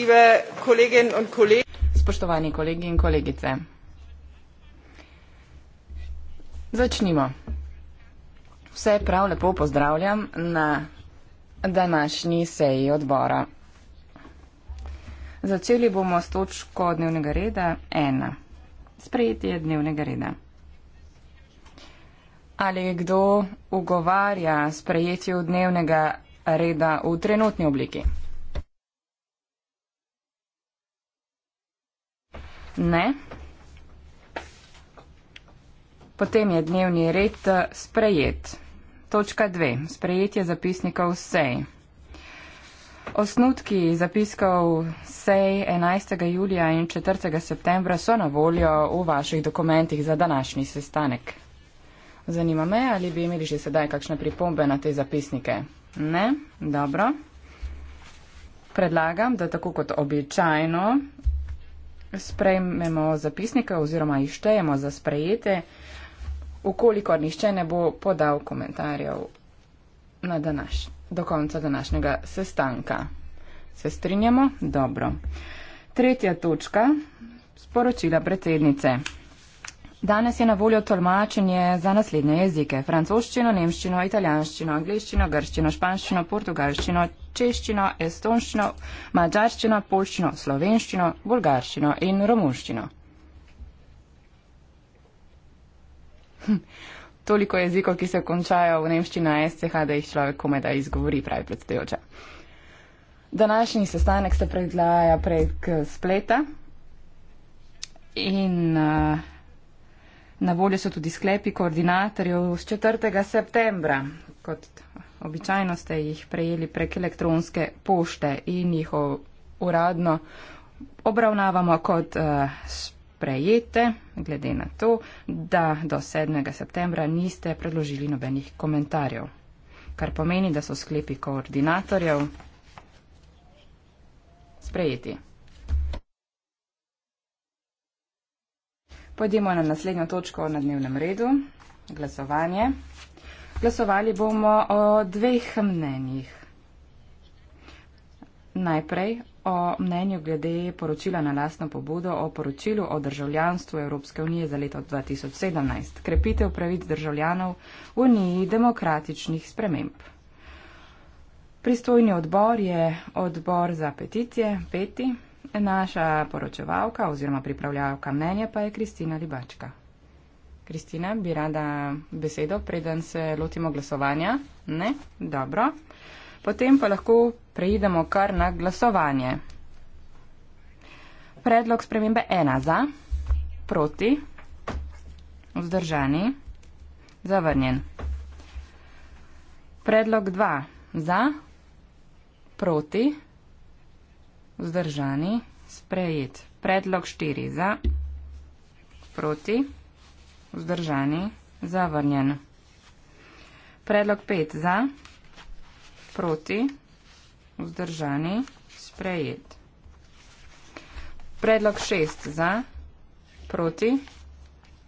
liebe Kolleginnen und Kollegen. Spoštovani kolegi in kolegice. Začnimo. Vse prav lepo pozdravljam na današnji seji odbora. Začeli bomo s točko dnevnega reda 1. Sprejetje dnevnega reda. Ali kdo ugovarja sprejetju dnevnega reda v trenutni obliki? Ne. Potem je dnevni red eh, sprejet. Točka 2. Sprejetje zapisnikov sej. Osnutki zapiskov sej 11. julija in 4. septembra so na voljo v vaših dokumentih za današnji sestanek. Zanima me, ali bi imeli že sedaj kakšne pripombe na te zapisnike. Ne? Dobro. Predlagam, da tako kot običajno sprejmemo zapisnika oziroma jih štejemo za sprejete, ukolikor nišče ne bo podal komentarjev na današ, do konca današnjega sestanka. Se strinjamo? Dobro. Tretja točka. Sporočila predsednice. Danes je na voljo tolmačenje za naslednje jezike. Francoščino, nemščino, italijanščino, angliščino, grščino, španščino, portugalščino, češčino, estonščino, mađarščino, polščino, slovenščino, bolgarščino in romunščino. Hm. Toliko jezikov, ki se končajo v nemščini na SCH, da jih človek komaj da izgovori, pravi predstojoča. Današnji sestanek se predlaja prek eh, spleta in uh, Na voljo so tudi sklepi koordinatorjev z 4. septembra. Kot običajno ste jih prejeli prek elektronske pošte in jih uradno obravnavamo kot uh, sprejete, glede na to, da do 7. septembra niste predložili nobenih komentarjev. Kar pomeni, da so sklepi koordinatorjev sprejeti. Pojdimo na naslednjo točko na dnevnem redu, glasovanje. Glasovali bomo o dveh mnenjih. Najprej o mnenju glede poročila na lastno pobudo o poročilu o državljanstvu Evropske unije za leto 2017, krepitev pravic državljanov v uniji demokratičnih sprememb. Pristojni odbor je odbor za peticije, peti. Naša poročevalka oziroma pripravljavka mnenja pa je Kristina Libačka. Kristina, bi rada besedo, preden se lotimo glasovanja? Ne? Dobro. Potem pa lahko preidemo kar na glasovanje. Predlog spremembe ena za, proti, vzdržani, zavrnjen. Predlog dva za, proti, vzdržani. Vzdržani. Sprejet. Predlog 4 za. Proti. Vzdržani. Zavrnjen. Predlog 5 za. Proti. Vzdržani. Sprejet. Predlog 6 za. Proti.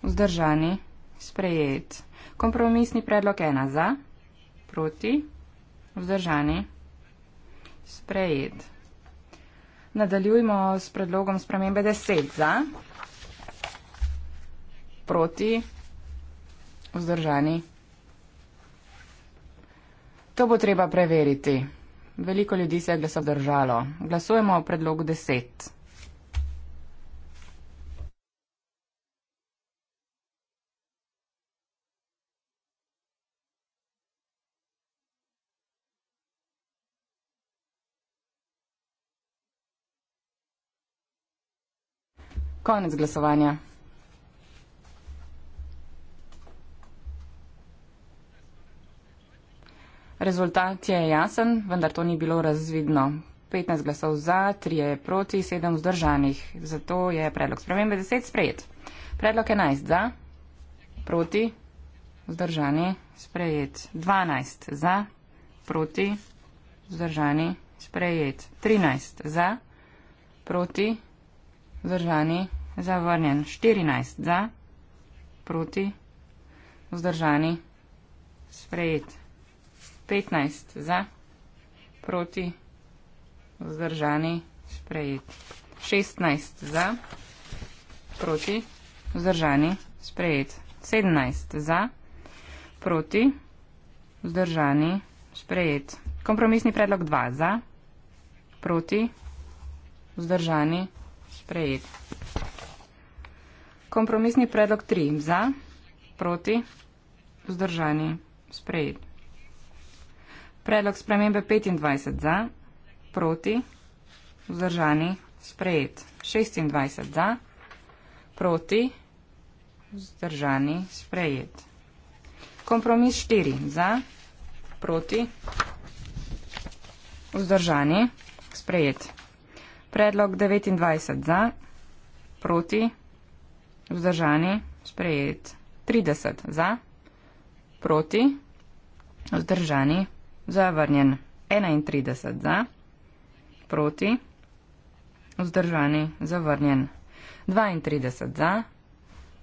Vzdržani. Sprejet. Kompromisni predlog 1 za. Proti. Vzdržani. Sprejet. Nadaljujmo s predlogom spremembe 10 za, proti, vzdržani. To bo treba preveriti. Veliko ljudi se je glasov držalo. Glasujemo o predlogu 10. Konec glasovanja. Rezultat je jasen, vendar to ni bilo razvidno. 15 glasov za, 3 je proti, 7 vzdržanih. Zato je predlog spremembe 10 sprejet. Predlog 11 za, proti, vzdržani, sprejet. 12 za, proti, vzdržani, sprejet. 13 za, proti, vzdržani. Vzdržani, zavrnjen. 14 za, proti, vzdržani, sprejet. 15 za, proti, vzdržani, sprejet. 16 za, proti, vzdržani, sprejet. 17 za, proti, vzdržani, sprejet. Kompromisni predlog 2 za, proti, vzdržani, sprejet sprejet. Kompromisni predlog 3. Za, proti, vzdržani, sprejet. Predlog spremembe 25. Za, proti, vzdržani, sprejet. 26. Za, proti, vzdržani, sprejet. Kompromis 4. Za, proti, vzdržani, sprejet. Predlog 29 za, proti, vzdržani, sprejet. 30 za, proti, vzdržani, zavrnjen. 31 za, proti, vzdržani, zavrnjen. 32 za,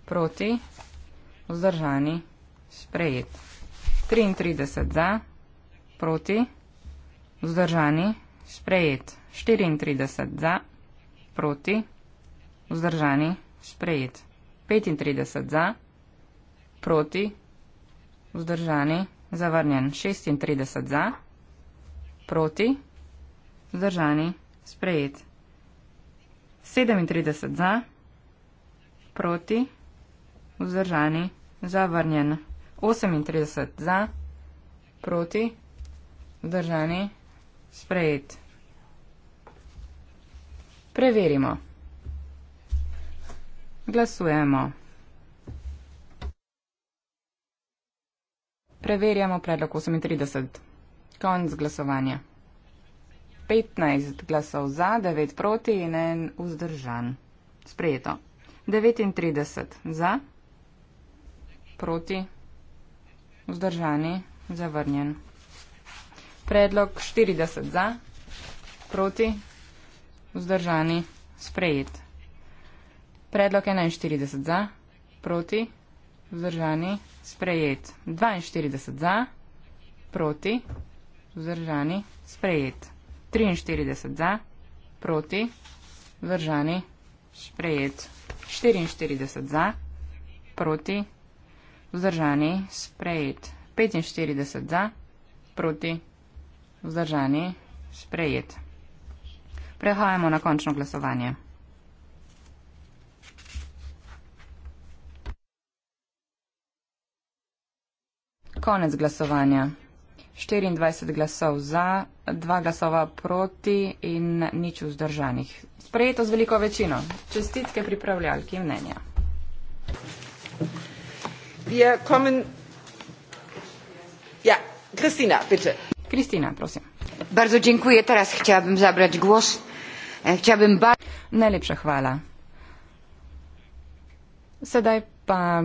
proti, vzdržani, sprejet. 33 za, proti, vzdržani, sprejet sprejet 34 za, proti, vzdržani, sprejet 35 za, proti, vzdržani, zavrnjen 36 za, proti, vzdržani, sprejet 37 za, proti, vzdržani, zavrnjen 38 za, proti, vzdržani, sprejet. Sprejet. Preverimo. Glasujemo. Preverjamo predlog 38. Konc glasovanja. 15 glasov za, 9 proti in en vzdržan. Sprejeto. 39 za, proti, vzdržani, zavrnjen predlog 40 za, proti, vzdržani, sprejet. Predlog 41 za, proti, vzdržani, sprejet. 42 za, proti, vzdržani, sprejet. 43 za, proti, vzdržani, sprejet. 44 za, proti, vzdržani, sprejet. 45 za, proti, vzdržani, sprejet. Vzdržani. Sprejet. Prehajamo na končno glasovanje. Konec glasovanja. 24 glasov za, 2 glasova proti in nič vzdržanih. Sprejeto z veliko večino. Čestitke pripravljalki mnenja. Ja, kommen. Ja, Kristina, bitte. Kristina, prosim. Bardzo dziękuję. Teraz chciałabym zabrać głos. E, chciałabym bardzo... Najlepsza chwala. Sedaj pa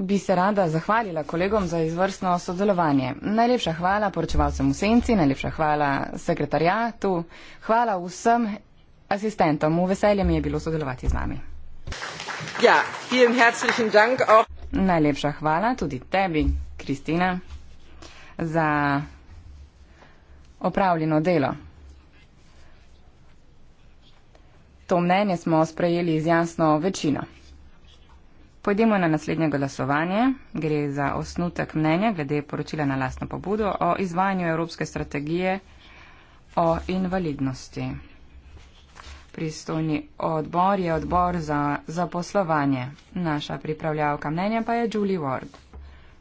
bi se rada zahvalila kolegom za izvrstno sodelovanje. Najlepša hvala poročevalcem v senci, najlepša hvala sekretarjatu, hvala vsem asistentom. V veselje mi je bilo sodelovati z vami. Ja, vielen herzlichen Dank auch. Najlepša hvala tudi tebi, Kristina, za opravljeno delo. To mnenje smo sprejeli z jasno večino. Pojdimo na naslednje glasovanje. Gre za osnutek mnenja glede poročila na lastno pobudo o izvajanju Evropske strategije o invalidnosti. Pristojni odbor je odbor za zaposlovanje. Naša pripravljavka mnenja pa je Julie Ward.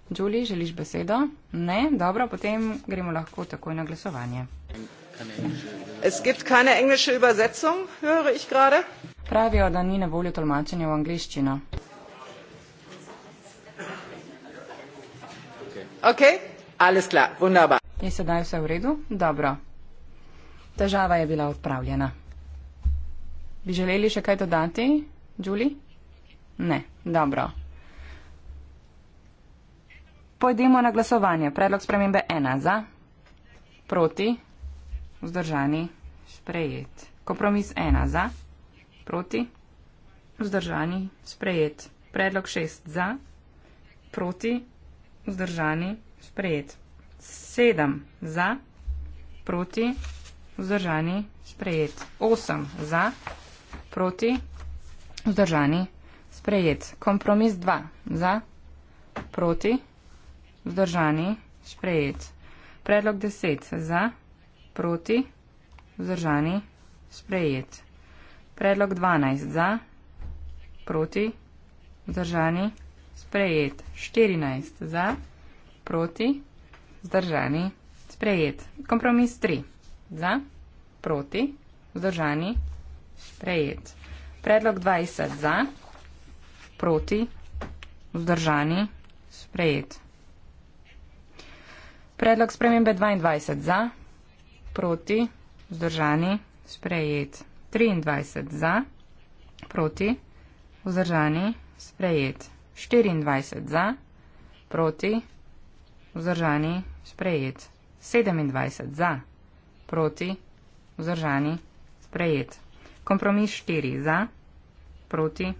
Julie, želiš besedo? Ne, dobro, potem gremo lahko takoj na glasovanje. Es gibt keine englische Übersetzung, höre ich gerade. Pravijo, da ni na voljo tolmačenja v angliščino. Okay. Alles klar. Wunderbar. Je sedaj vse v redu? Dobro. Težava je bila odpravljena. Bi želeli še kaj dodati, Julie? Ne, dobro. Pojdimo na glasovanje. Predlog spremembe ena za, proti, vzdržani, sprejet. Kompromis ena za, proti, vzdržani, sprejet. Predlog šest za, proti, vzdržani, sprejet. Sedem za, proti, vzdržani, sprejet. Osem za, proti, vzdržani, sprejet. Kompromis dva za, proti vzdržani, sprejet. Predlog deset za, proti, vzdržani, sprejet. Predlog dvanajst za, proti, vzdržani, sprejet. Štirinajst za, proti, vzdržani, sprejet. Kompromis tri za, proti, vzdržani, sprejet. Predlog dvajset za, proti, vzdržani, sprejet. Predlog spremembe 22 za, proti, vzdržani, sprejet. 23 za, proti, vzdržani, sprejet. 24 za, proti, vzdržani, sprejet. 27 za, proti, vzdržani, sprejet. Kompromis 4 za, proti,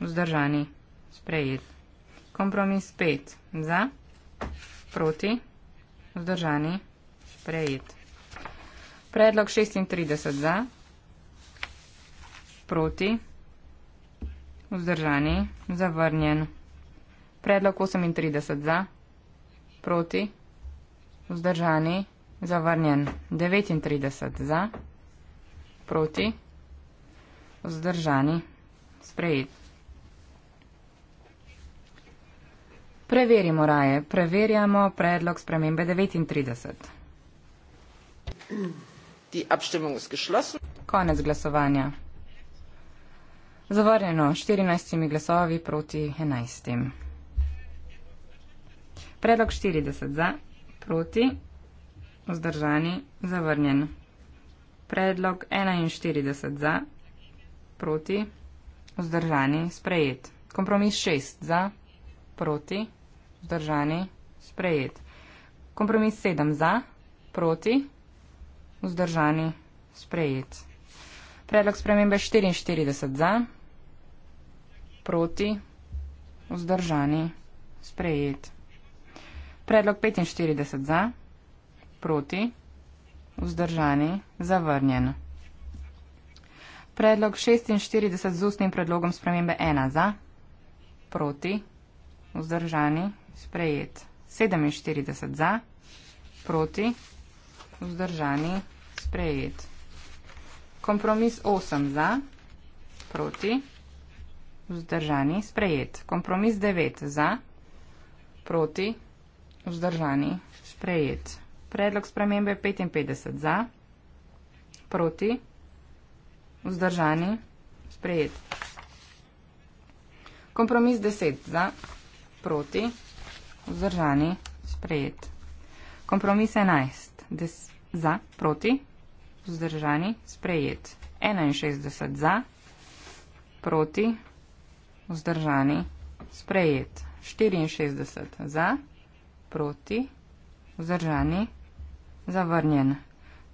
vzdržani, sprejet. Kompromis 5 za, proti, vzdržani, sprejet. Vzdržani. Prejet. Predlog 36 za. Proti. Vzdržani. Zavrnjen. Predlog 38 za. Proti. Vzdržani. Zavrnjen. 39 za. Proti. Vzdržani. Sprejet. Preverimo raje, preverjamo predlog spremembe 39. Konec glasovanja. Zavrnjeno 14 glasovi proti 11. Predlog 40 za, proti, vzdržani, zavrnjen. Predlog 41 za, proti, vzdržani, sprejet. Kompromis 6 za, proti, vzdržani, sprejet. Kompromis 7 za, proti, vzdržani, sprejet. Predlog spremembe 44 za, proti, vzdržani, sprejet. Predlog 45 za, proti, vzdržani, zavrnjen. Predlog 46 z ustnim predlogom spremembe 1 za, proti, vzdržani, sprejet vzdržani, sprejet. 47 za, proti, vzdržani, sprejet. Kompromis 8 za, proti, vzdržani, sprejet. Kompromis 9 za, proti, vzdržani, sprejet. Predlog spremembe 55 za, proti, vzdržani, sprejet. Kompromis 10 za, proti, vzdržani, sprejet proti, vzdržani, sprejet. Kompromis 11, Des, za, proti, vzdržani, sprejet. 61 za, proti, vzdržani, sprejet. 64 za, proti, vzdržani, zavrnjen.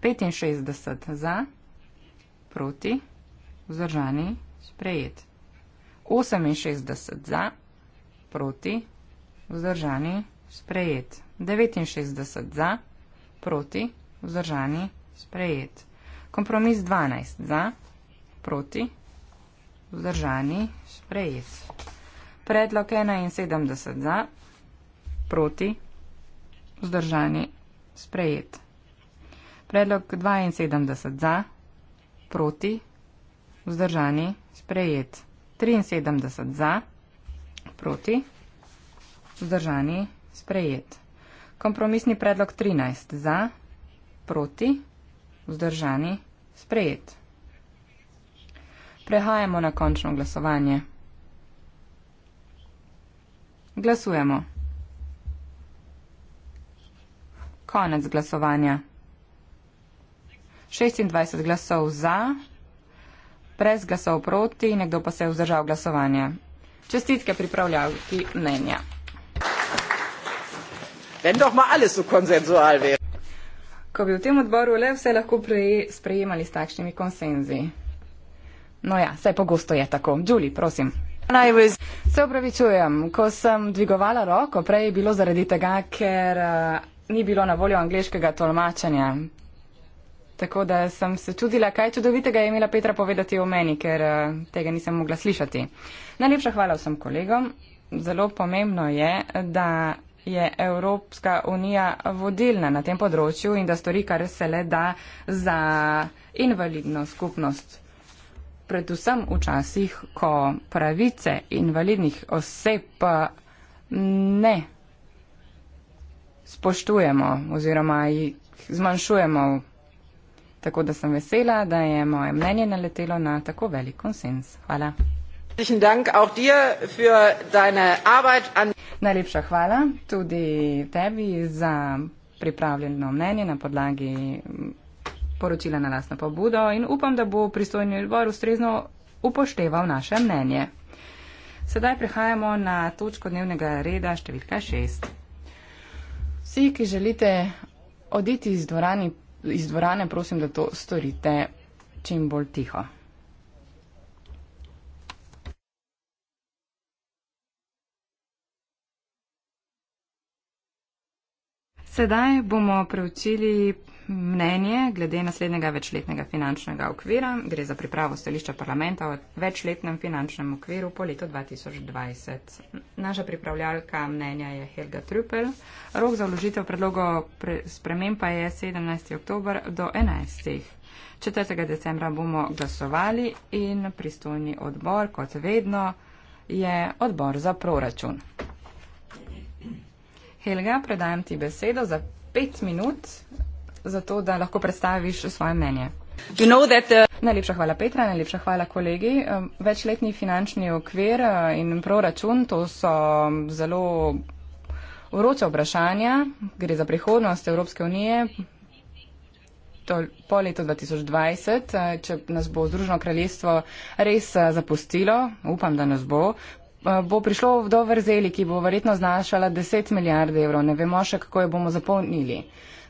65 za, proti, vzdržani, sprejet. 68 za, proti, vzdržani, sprejet. 69 za, proti, vzdržani, sprejet. Kompromis 12 za, proti, vzdržani, sprejet. Predlog 71 za, proti, vzdržani, sprejet. Predlog 72 za, proti, vzdržani, sprejet. 73 za, proti, vzdržani, sprejet proti, vzdržani, sprejet. Kompromisni predlog 13 za, proti, vzdržani, sprejet. Prehajamo na končno glasovanje. Glasujemo. Konec glasovanja. 26 glasov za, brez glasov proti, nekdo pa se je vzdržal glasovanja. Čestitke pripravljavki mnenja. Ko bi v tem odboru le vse lahko sprejemali s takšnimi konsenzi. No ja, vse pogosto je tako. Đuli, prosim. Was... Se upravičujem, ko sem dvigovala roko, prej je bilo zaradi tega, ker uh, ni bilo na voljo angliškega tolmačenja. Tako da sem se čudila, kaj čudovitega je imela Petra povedati o meni, ker eh, tega nisem mogla slišati. Najlepša hvala vsem kolegom. Zelo pomembno je, da je Evropska unija vodilna na tem področju in da stori, kar se le da za invalidno skupnost. Predvsem včasih, ko pravice invalidnih oseb eh, ne spoštujemo oziroma jih zmanjšujemo. Tako da sem vesela, da je moje mnenje naletelo na tako velik konsens. Hvala. Najlepša hvala tudi tebi za pripravljeno mnenje na podlagi mm, poročila na lasno pobudo in upam, da bo pristojni odbor ustrezno upošteval naše mnenje. Sedaj prehajamo na točko dnevnega reda številka 6. Vsi, ki želite oditi iz dvorani iz dvorane prosim, da to storite čim bolj tiho. Sedaj bomo preučili mnenje glede naslednjega večletnega finančnega okvira. Gre za pripravo stališča parlamenta o večletnem finančnem okviru po letu 2020. Naša pripravljalka mnenja je Helga Trupel. Rok za vložitev predlogov sprememb pa je 17. oktober do 11. 4. decembra bomo glasovali in pristojni odbor, kot vedno, je odbor za proračun. Helga, predajam ti besedo za pet minut, zato da lahko predstaviš svoje mnenje. You know that, uh... Najlepša hvala Petra, najlepša hvala kolegi. Um, večletni finančni okvir uh, in proračun, to so um, zelo vroče vprašanja. Gre za prihodnost Evropske unije to, po letu 2020, uh, če nas bo Združeno kraljestvo res uh, zapustilo, upam, da nas bo, Eh, bo prišlo do vrzeli, ki bo verjetno znašala 10 milijard evrov. Ne vemo še, kako jo bomo zapolnili.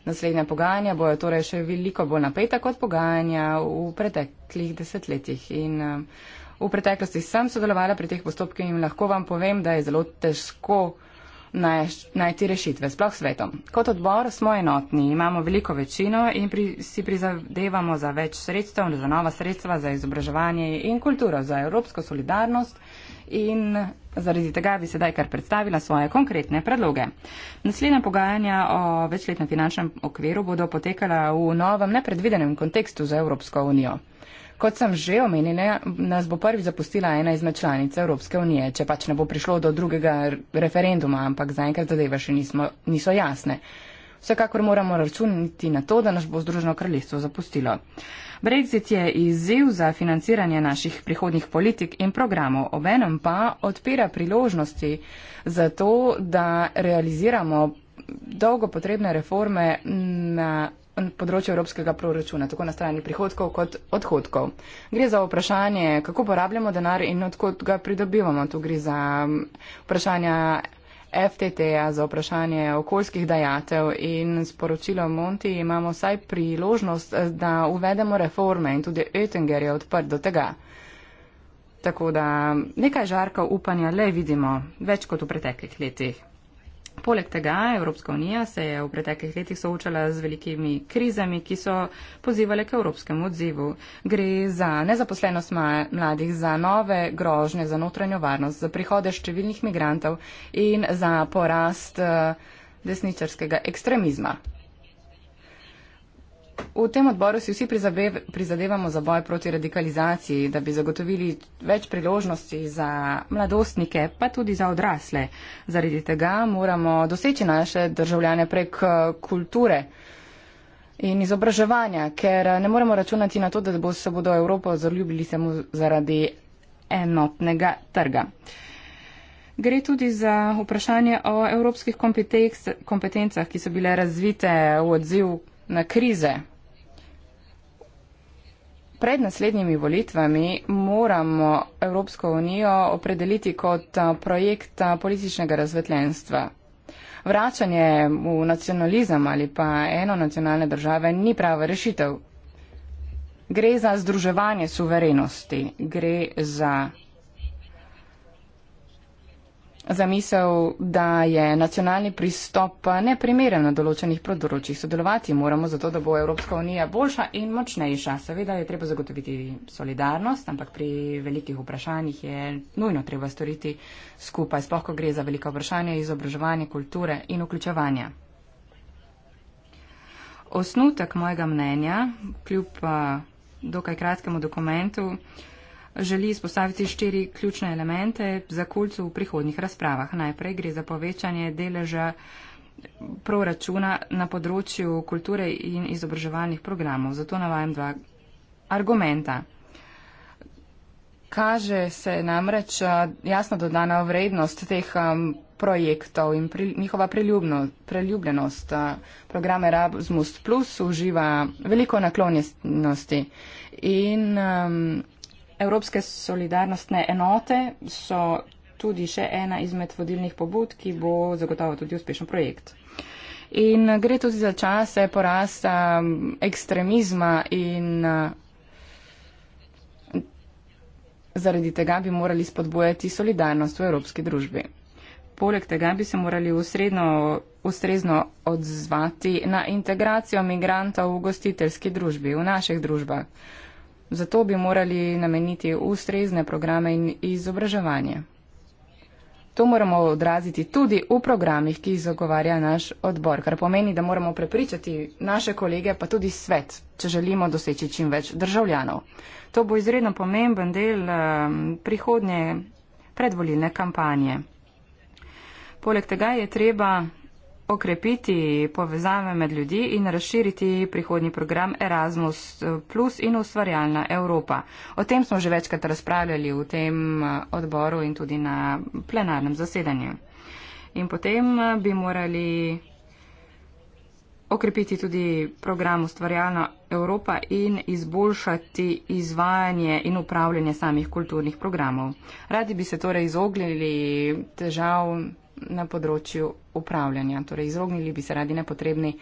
Naslednja pogajanja bojo torej še veliko bolj napeta kot pogajanja v preteklih desetletjih. In eh, v preteklosti sem sodelovala pri teh postopkih in lahko vam povem, da je zelo težko najti rešitve, sploh svetom. Kot odbor smo enotni, imamo veliko večino in pri, si prizadevamo za več sredstev, za nova sredstva, za izobraževanje in kulturo, za evropsko solidarnost in zaradi tega bi sedaj kar predstavila svoje konkretne predloge. Naslednja pogajanja o večletnem finančnem okviru bodo potekala v novem nepredvidenem kontekstu za Evropsko unijo. Kot sem že omenila, nas bo prvi zapustila ena izmed članic Evropske unije, če pač ne bo prišlo do drugega referenduma, ampak zaenkrat zadeve še nismo, niso jasne. Vsekakor moramo računiti na to, da nas bo Združeno kraljestvo zapustilo. Brexit je izziv za financiranje naših prihodnih politik in programov, obenem pa odpira priložnosti za to, da realiziramo dolgo potrebne reforme na področju evropskega proračuna, tako na strani prihodkov kot odhodkov. Gre za vprašanje, kako porabljamo denar in odkot ga pridobivamo. Tu gre za mm, vprašanja FTT-ja za vprašanje okoljskih dajatev in sporočilo Monti imamo saj priložnost, da uvedemo reforme in tudi Oettinger je odprt do tega. Tako da nekaj žarka upanja le vidimo več kot v preteklih letih. Poleg tega, Evropska unija se je v preteklih letih soočala z velikimi krizami, ki so pozivale k evropskemu odzivu. Gre za nezaposlenost mladih, za nove grožne, za notranjo varnost, za prihode številnih migrantov in za porast eh, desničarskega ekstremizma. V tem odboru si vsi prizadevamo za boj proti radikalizaciji, da bi zagotovili več priložnosti za mladostnike, pa tudi za odrasle. Zaradi tega moramo doseči naše državljane prek eh, kulture in izobraževanja, ker eh, ne moremo računati na to, da bo se bodo Evropo zaljubili samo zaradi enotnega trga. Gre tudi za vprašanje o evropskih kompetencah, ki so bile razvite v odziv na krize. Pred naslednjimi volitvami moramo Evropsko unijo opredeliti kot projekt političnega razvetljenstva. Vračanje v nacionalizem ali pa eno nacionalne države ni prava rešitev. Gre za združevanje suverenosti, gre za Zamisel, da je nacionalni pristop eh, neprimeren na določenih področjih. Sodelovati moramo zato, da bo Evropska unija boljša in močnejša. Seveda je treba zagotoviti solidarnost, ampak pri velikih vprašanjih je nujno treba storiti skupaj, sploh ko gre za velika vprašanja izobraževanja, kulture in vključevanja. Osnutek mojega mnenja, kljub eh, dokaj kratkemu dokumentu, uh, želi izpostaviti štiri ključne elemente za kulcu v prihodnjih razpravah. Najprej gre za povečanje deleža proračuna na področju kulture in izobraževalnih programov. Zato navajam dva argumenta. Kaže se namreč jasno dodana vrednost teh um, projektov in pri, njihova preljubljenost. Program Erasmus Plus uživa veliko naklonjenosti in um, Evropske solidarnostne enote so tudi še ena izmed vodilnih pobud, ki bo zagotovo tudi uspešen projekt. In gre tudi za čase porasta ekstremizma in eh, zaradi tega bi morali spodbojati solidarnost v evropski družbi. Poleg tega bi se morali usredno, ustrezno odzvati na integracijo migrantov v gostiteljski družbi, v naših družbah. Zato bi morali nameniti ustrezne programe in izobraževanje. To moramo odraziti tudi v programih, ki jih zagovarja naš odbor, kar pomeni, da moramo prepričati naše kolege, pa tudi svet, če želimo doseči čim več državljanov. To bo izredno pomemben del ehm, prihodnje predvolilne kampanje. Poleg tega je treba okrepiti povezave med ljudi in razširiti prihodni program Erasmus Plus in ustvarjalna Evropa. O tem smo že večkrat razpravljali v tem eh, odboru in tudi na plenarnem zasedanju. In potem eh, bi morali okrepiti tudi program Ustvarjalna Evropa in izboljšati izvajanje in upravljanje samih kulturnih programov. Radi bi se torej izognili težav na področju upravljanja. Torej, izognili bi se radi nepotrebni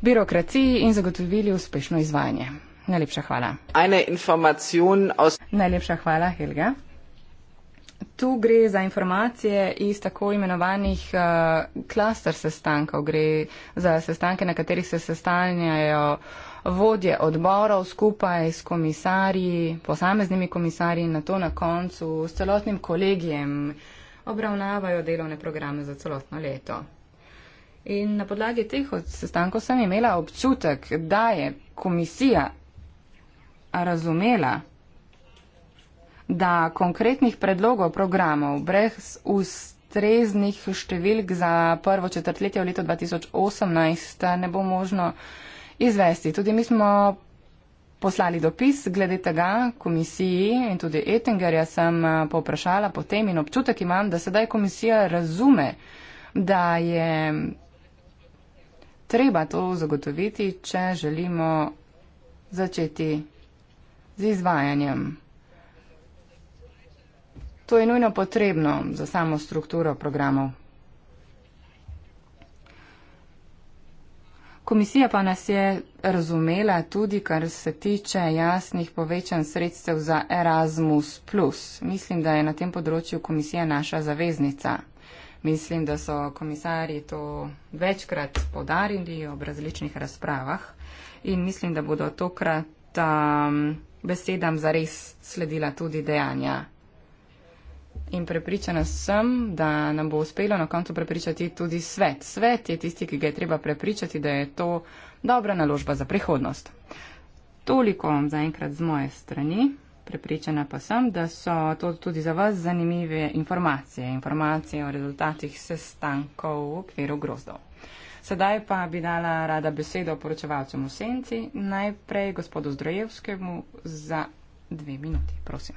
birokraciji in zagotovili uspešno izvajanje. Najlepša hvala. Aus... Najlepša hvala, Helga. Tu gre za informacije iz tako imenovanih klaster uh, sestankov. Gre za sestanke, na katerih se sestanjajo vodje odborov skupaj s komisarji, posameznimi komisarji in na to na koncu s celotnim kolegijem obravnavajo delovne programe za celotno leto. In na podlagi teh sestankov sem imela občutek, da je komisija razumela, da konkretnih predlogov programov brez ustreznih številk za prvo četrtletje v letu 2018 ne bo možno izvesti. Tudi mi smo poslali dopis glede tega komisiji in tudi Ettingerja sem eh, povprašala potem in občutek imam, da sedaj komisija razume, da je treba to zagotoviti, če želimo začeti z izvajanjem. To je nujno potrebno za samo strukturo programov. Komisija pa nas je razumela tudi, kar se tiče jasnih povečanj sredstev za Erasmus. Mislim, da je na tem področju komisija naša zaveznica. Mislim, da so komisari to večkrat podarili ob različnih razpravah in mislim, da bodo tokrat um, besedam zares sledila tudi dejanja in prepričana sem, da nam bo uspelo na koncu prepričati tudi svet. Svet je tisti, ki ga je treba prepričati, da je to dobra naložba za prihodnost. Toliko vam zaenkrat z moje strani. Prepričana pa sem, da so to tudi za vas zanimive informacije, informacije o rezultatih sestankov v okviru grozdov. Sedaj pa bi dala rada besedo poročevalcem v senci, najprej gospodu Zdrojevskemu za dve minuti, prosim.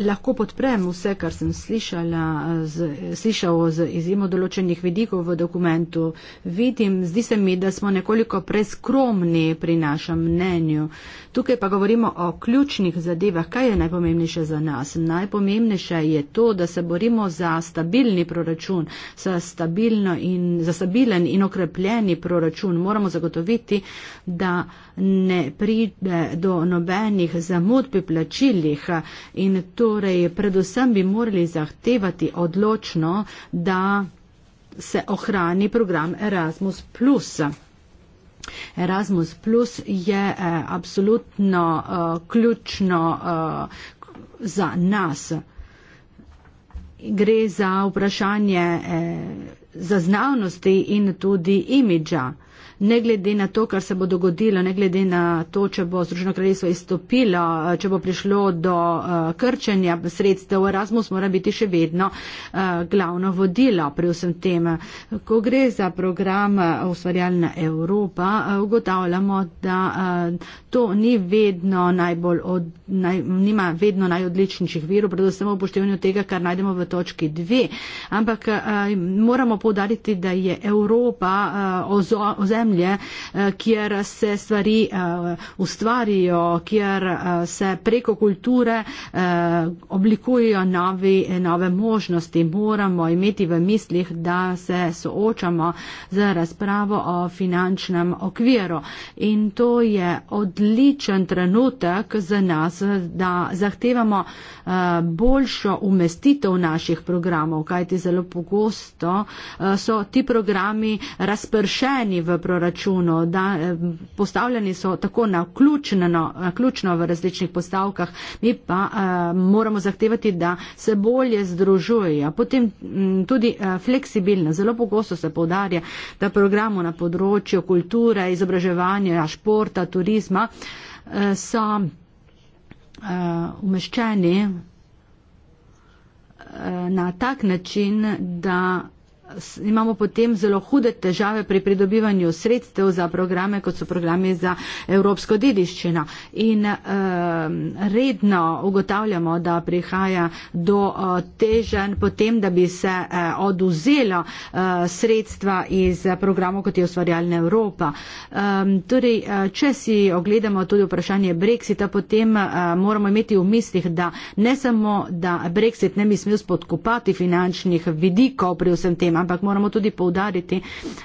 lahko podprem vse, kar sem slišala, z, slišal z izjemo določenih vidikov v dokumentu. Vidim, zdi se mi, da smo nekoliko preskromni pri našem mnenju. Tukaj pa govorimo o ključnih zadevah. Kaj je najpomembnejše za nas? Najpomembnejše je to, da se borimo za stabilni proračun, za, in, za stabilen in okrepljeni proračun. Moramo zagotoviti, da ne pride do nobenih zamud pri plačilih. In to Torej, predvsem bi morali zahtevati odločno, da se ohrani program Erasmus. Erasmus Plus je eh, absolutno eh, ključno eh, za nas. Gre za vprašanje eh, za znanosti in tudi imidža ne glede na to, kar se bo dogodilo, ne glede na to, če bo Združeno kraljestvo izstopilo, če bo prišlo do eh, krčenja sredstev, Erasmus mora biti še vedno eh, glavno vodilo pri vsem tem. Ko gre za program eh, Ustvarjalna Evropa, ugotavljamo, da to ni vedno najbolj, od, naj, nima vedno najodličnejših virov, predvsem v upoštevanju tega, kar najdemo v točki dve. Ampak moramo povdariti, da je Evropa ozemlja, zemlje, eh, kjer se stvari eh, ustvarijo, kjer eh, se preko kulture oblikujejo novi, nove možnosti. Moramo imeti v mislih, da se soočamo z razpravo o finančnem okviru. In to je odličen trenutek za nas, da zahtevamo boljšo umestitev naših programov, kajti zelo pogosto so ti programi razpršeni v proračunu proračunu. Da, eh, postavljeni so tako na ključno, na ključno v različnih postavkah, mi pa uh, moramo zahtevati, da se bolje združujejo. Potem mm, tudi uh, eh, fleksibilno, zelo pogosto se povdarja, da programu na področju kulture, izobraževanja, športa, turizma uh, so uh, umeščeni uh, na tak način, da imamo potem zelo hude težave pri pridobivanju sredstev za programe, kot so programe za evropsko dediščino. In uh, redno ugotavljamo, da prihaja do uh, težen potem, da bi se uh, e, oduzelo uh, e, sredstva iz programov, kot je ustvarjalna Evropa. Um, torej, uh, če si ogledamo tudi vprašanje Brexita, potem uh, moramo imeti v mislih, da ne samo, da Brexit ne bi smel spodkopati finančnih vidikov pri vsem tem, ampak moramo tudi povdariti,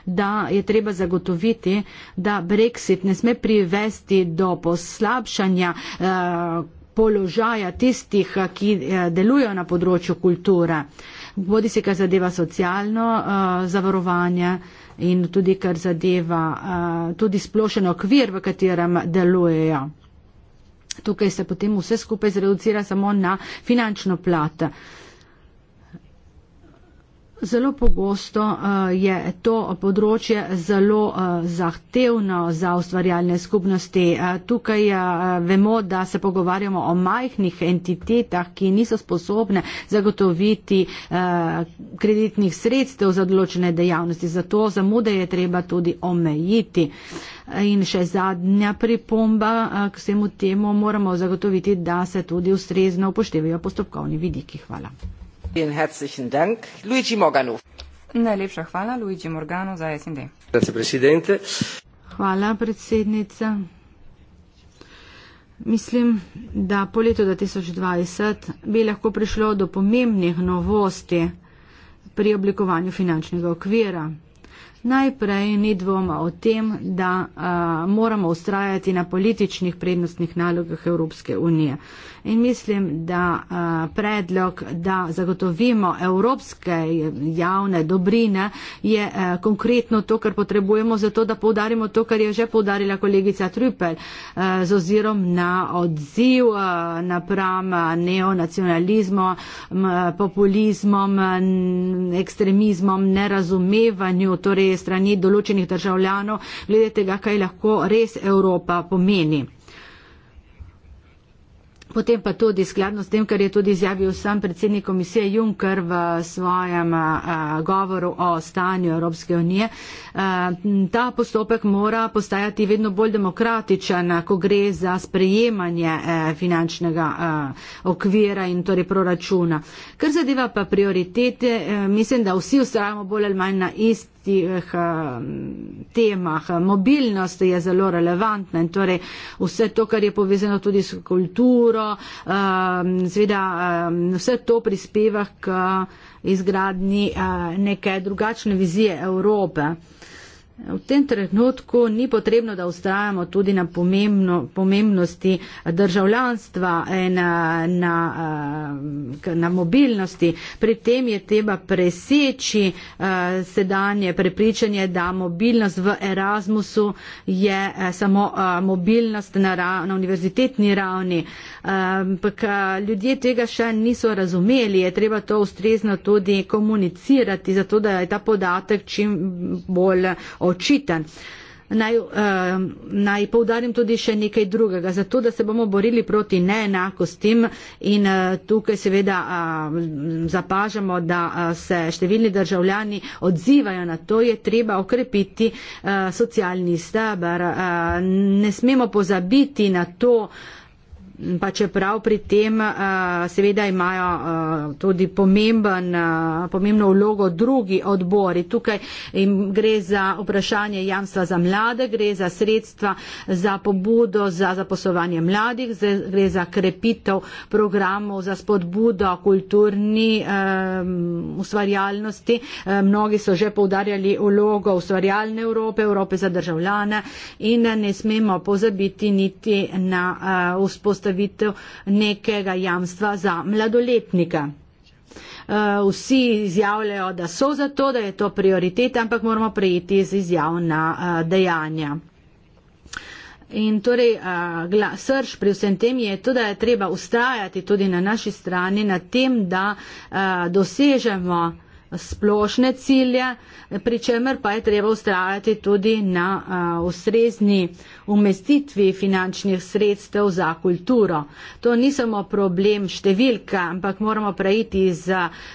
da je treba zagotoviti, da Brexit ne sme privesti do poslabšanja eh, položaja tistih, ki eh, delujejo na področju kulture. Bodi si, kar zadeva socialno eh, zavarovanje in tudi, kar zadeva tudi splošen okvir, v katerem delujejo. Tukaj se potem vse skupaj zreducira samo na finančno plat zelo pogosto eh, je to področje zelo eh, zahtevno za ustvarjalne skupnosti. Eh, tukaj vemo, da se pogovarjamo o majhnih entitetah, ki niso sposobne zagotoviti kreditnih sredstev za določene dejavnosti. Zato zamude je treba tudi omejiti. In še zadnja pripomba k vsemu temu, moramo zagotoviti, da se tudi ustrezno upoštevajo postopkovni vidiki. Hvala. Najlepša hvala, Luigi Morgano, za SND. Hvala, predsednica. Mislim, da po letu 2020 bi lahko prišlo do pomembnih novosti pri oblikovanju finančnega okvira najprej ni dvoma o tem, da a, moramo ustrajati na političnih prednostnih nalogah Evropske unije. In mislim, da a, predlog, da zagotovimo evropske javne dobrine, je a, konkretno to, kar potrebujemo, zato da povdarimo to, kar je že povdarila kolegica Trupel z ozirom na odziv a, napram neonacionalizmom, populizmom, n, ekstremizmom, nerazumevanju. Torej Torej strani določenih državljanov, glede tega, kaj lahko res Evropa pomeni. Potem pa tudi skladno s tem, kar je tudi izjavil sam predsednik komisije Juncker v svojem a, govoru o stanju Evropske unije, a, ta postopek mora postajati vedno bolj demokratičen, a, ko gre za sprejemanje a, finančnega a, okvira in torej proračuna. Kar zadeva pa prioritete, a, mislim, da vsi ustrajamo bolj ali manj na isti tih ehm, temah. Mobilnost je zelo relevantna in torej vse to, kar je povezano tudi s kulturo, ehm, seveda ehm, vse to prispeva k izgradni eh, neke drugačne vizije Evrope. V tem trenutku ni potrebno, da ustrajamo tudi na pomembno, pomembnosti državljanstva in eh, na, na, eh, na mobilnosti. Pri tem je treba preseči uh, sedanje prepričanje, da mobilnost v Erasmusu je uh, samo uh, mobilnost na, ravni, na univerzitetni ravni. Ehm, ampak uh, ljudje tega še niso razumeli, je treba to ustrezno tudi komunicirati, zato da je ta podatek čim bolj očiten. Naj, eh, naj povdarim tudi še nekaj drugega. Zato, da se bomo borili proti neenakostim in eh, tukaj seveda eh, zapažamo, da eh, se številni državljani odzivajo na to, je treba okrepiti eh, socialni stebr. Eh, ne smemo pozabiti na to, eh, pa čeprav pri tem eh, seveda imajo eh, tudi pomemben, eh, pomembno vlogo drugi odbori. Tukaj gre za vprašanje jamstva za mlade, gre za sredstva za pobudo za zaposlovanje mladih, gre za krepitev programov za spodbudo kulturni ustvarjalnosti. Mnogi so že povdarjali vlogo ustvarjalne Evrope, Evrope za državljane in ne smemo pozabiti niti na uspostavljanje vzpostavitev nekega jamstva za mladoletnika. Eh, vsi izjavljajo, da so za to, da je to prioriteta, ampak moramo prejeti iz izjav na eh, dejanja. In torej eh, gla, srž pri vsem tem je to, da je treba ustrajati tudi na naši strani na tem, da dosežemo splošne cilje, pri čemer pa je treba ustrajati tudi na uh, ustrezni umestitvi finančnih sredstev za kulturo. To ni samo problem številka, ampak moramo preiti iz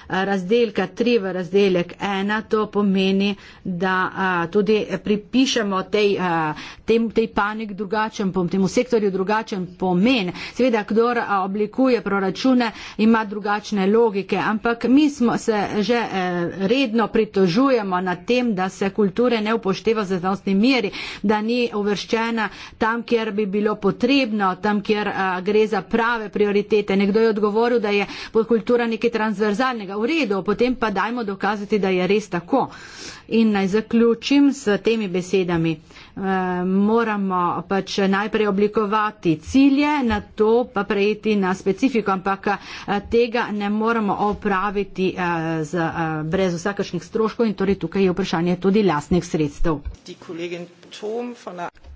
razdelka 3 v razdelek 1. To pomeni, da uh, tudi pripišemo tej, uh, tem, tej panik drugačen, temu sektorju drugačen pomen. Seveda, kdor uh, oblikuje proračune, ima drugačne logike, ampak mi smo se že uh, redno pritožujemo na tem, da se kulture ne upošteva v zaznosti meri, da ni uvrščena tam, kjer bi bilo potrebno, tam, kjer uh, gre za prave prioritete. Nekdo je odgovoril, da je kultura nekaj transverzalnega. V redu, potem pa dajmo dokazati, da je res tako. In naj zaključim s temi besedami. Eh, moramo pač najprej oblikovati cilje, na to pa prejeti na specifiko, ampak eh, tega ne moramo opraviti eh, z, brez vsakršnih stroškov in torej tukaj je vprašanje tudi lastnih sredstev.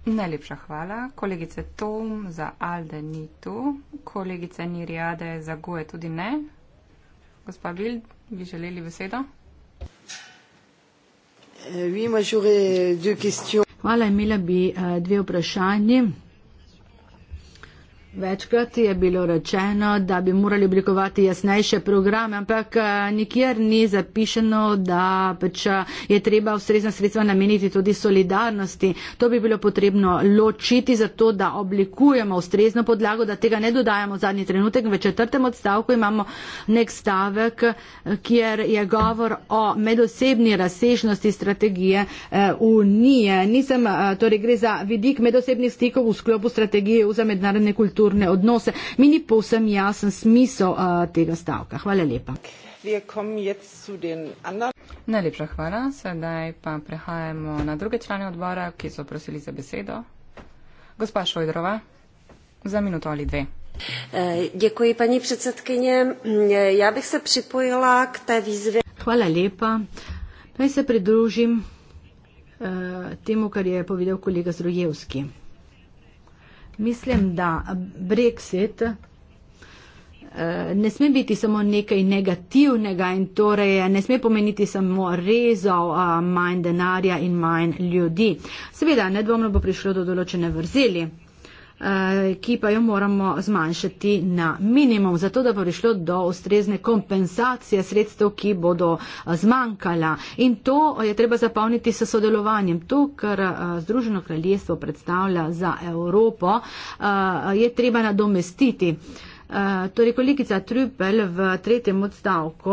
Najlepša hvala. Kolegice Tom za Alde ni tu, kolegice Nirjade za Goje tudi ne. Gospa Bild, bi želeli besedo? Oui, moi j'aurais deux questions. Hvala, imela bi eh, dve vprašanji. Večkrat je bilo rečeno, da bi morali oblikovati jasnejše programe, ampak eh, nikjer ni zapišeno, da pač eh, je treba ustrezna sredstva nameniti tudi solidarnosti. To bi bilo potrebno ločiti za to, da oblikujemo ustrezno podlago, da tega ne dodajamo v zadnji trenutek. V četrtem odstavku imamo nek stavek, eh, kjer je govor o medosebni razsežnosti strategije unije. Nisem, torej gre za vidik medosebnih stikov v sklopu strategije za mednarodne kulture medkulturne odnose. Mi ni povsem jasen smisel uh, tega stavka. Hvala lepa. Najlepša hvala. Sedaj pa prehajamo na druge člane odbora, ki so prosili za besedo. Gospa Šojdrova, za minuto ali dve. Eh, děkuji, paní předsedkyně. Eh, já bych se připojila k té výzvě. Hvala lepa. Tady se pridružím uh, eh, temu, kar je povedal kolega Zrujevský. Mislim, da Brexit eh, ne sme biti samo nekaj negativnega in torej eh, ne sme pomeniti samo rezov eh, manj denarja in manj ljudi. Seveda, nedvomno bo prišlo do določene vrzeli. Eh, ki pa jo moramo zmanjšati na minimum, zato da bo prišlo do ustrezne kompensacije sredstev, ki bodo eh, zmanjkala. In to eh, je treba zapolniti s sodelovanjem. To, kar Združeno kraljestvo predstavlja za Evropo, je treba nadomestiti. Eh, torej, kolegica Trupel v tretjem odstavku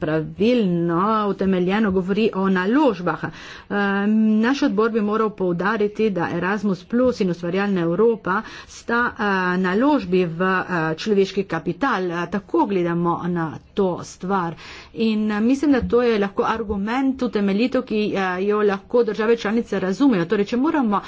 pravilno utemeljeno govori o naložbah. Eh, naš odbor bi moral povdariti, da Erasmus Plus in ustvarjalna Evropa sta eh, naložbi v človeški kapital. Tako gledamo na to to stvar. In eh, mislim, da to je lahko argument utemeljito, ki eh, jo lahko države članice razumejo. Torej, če moramo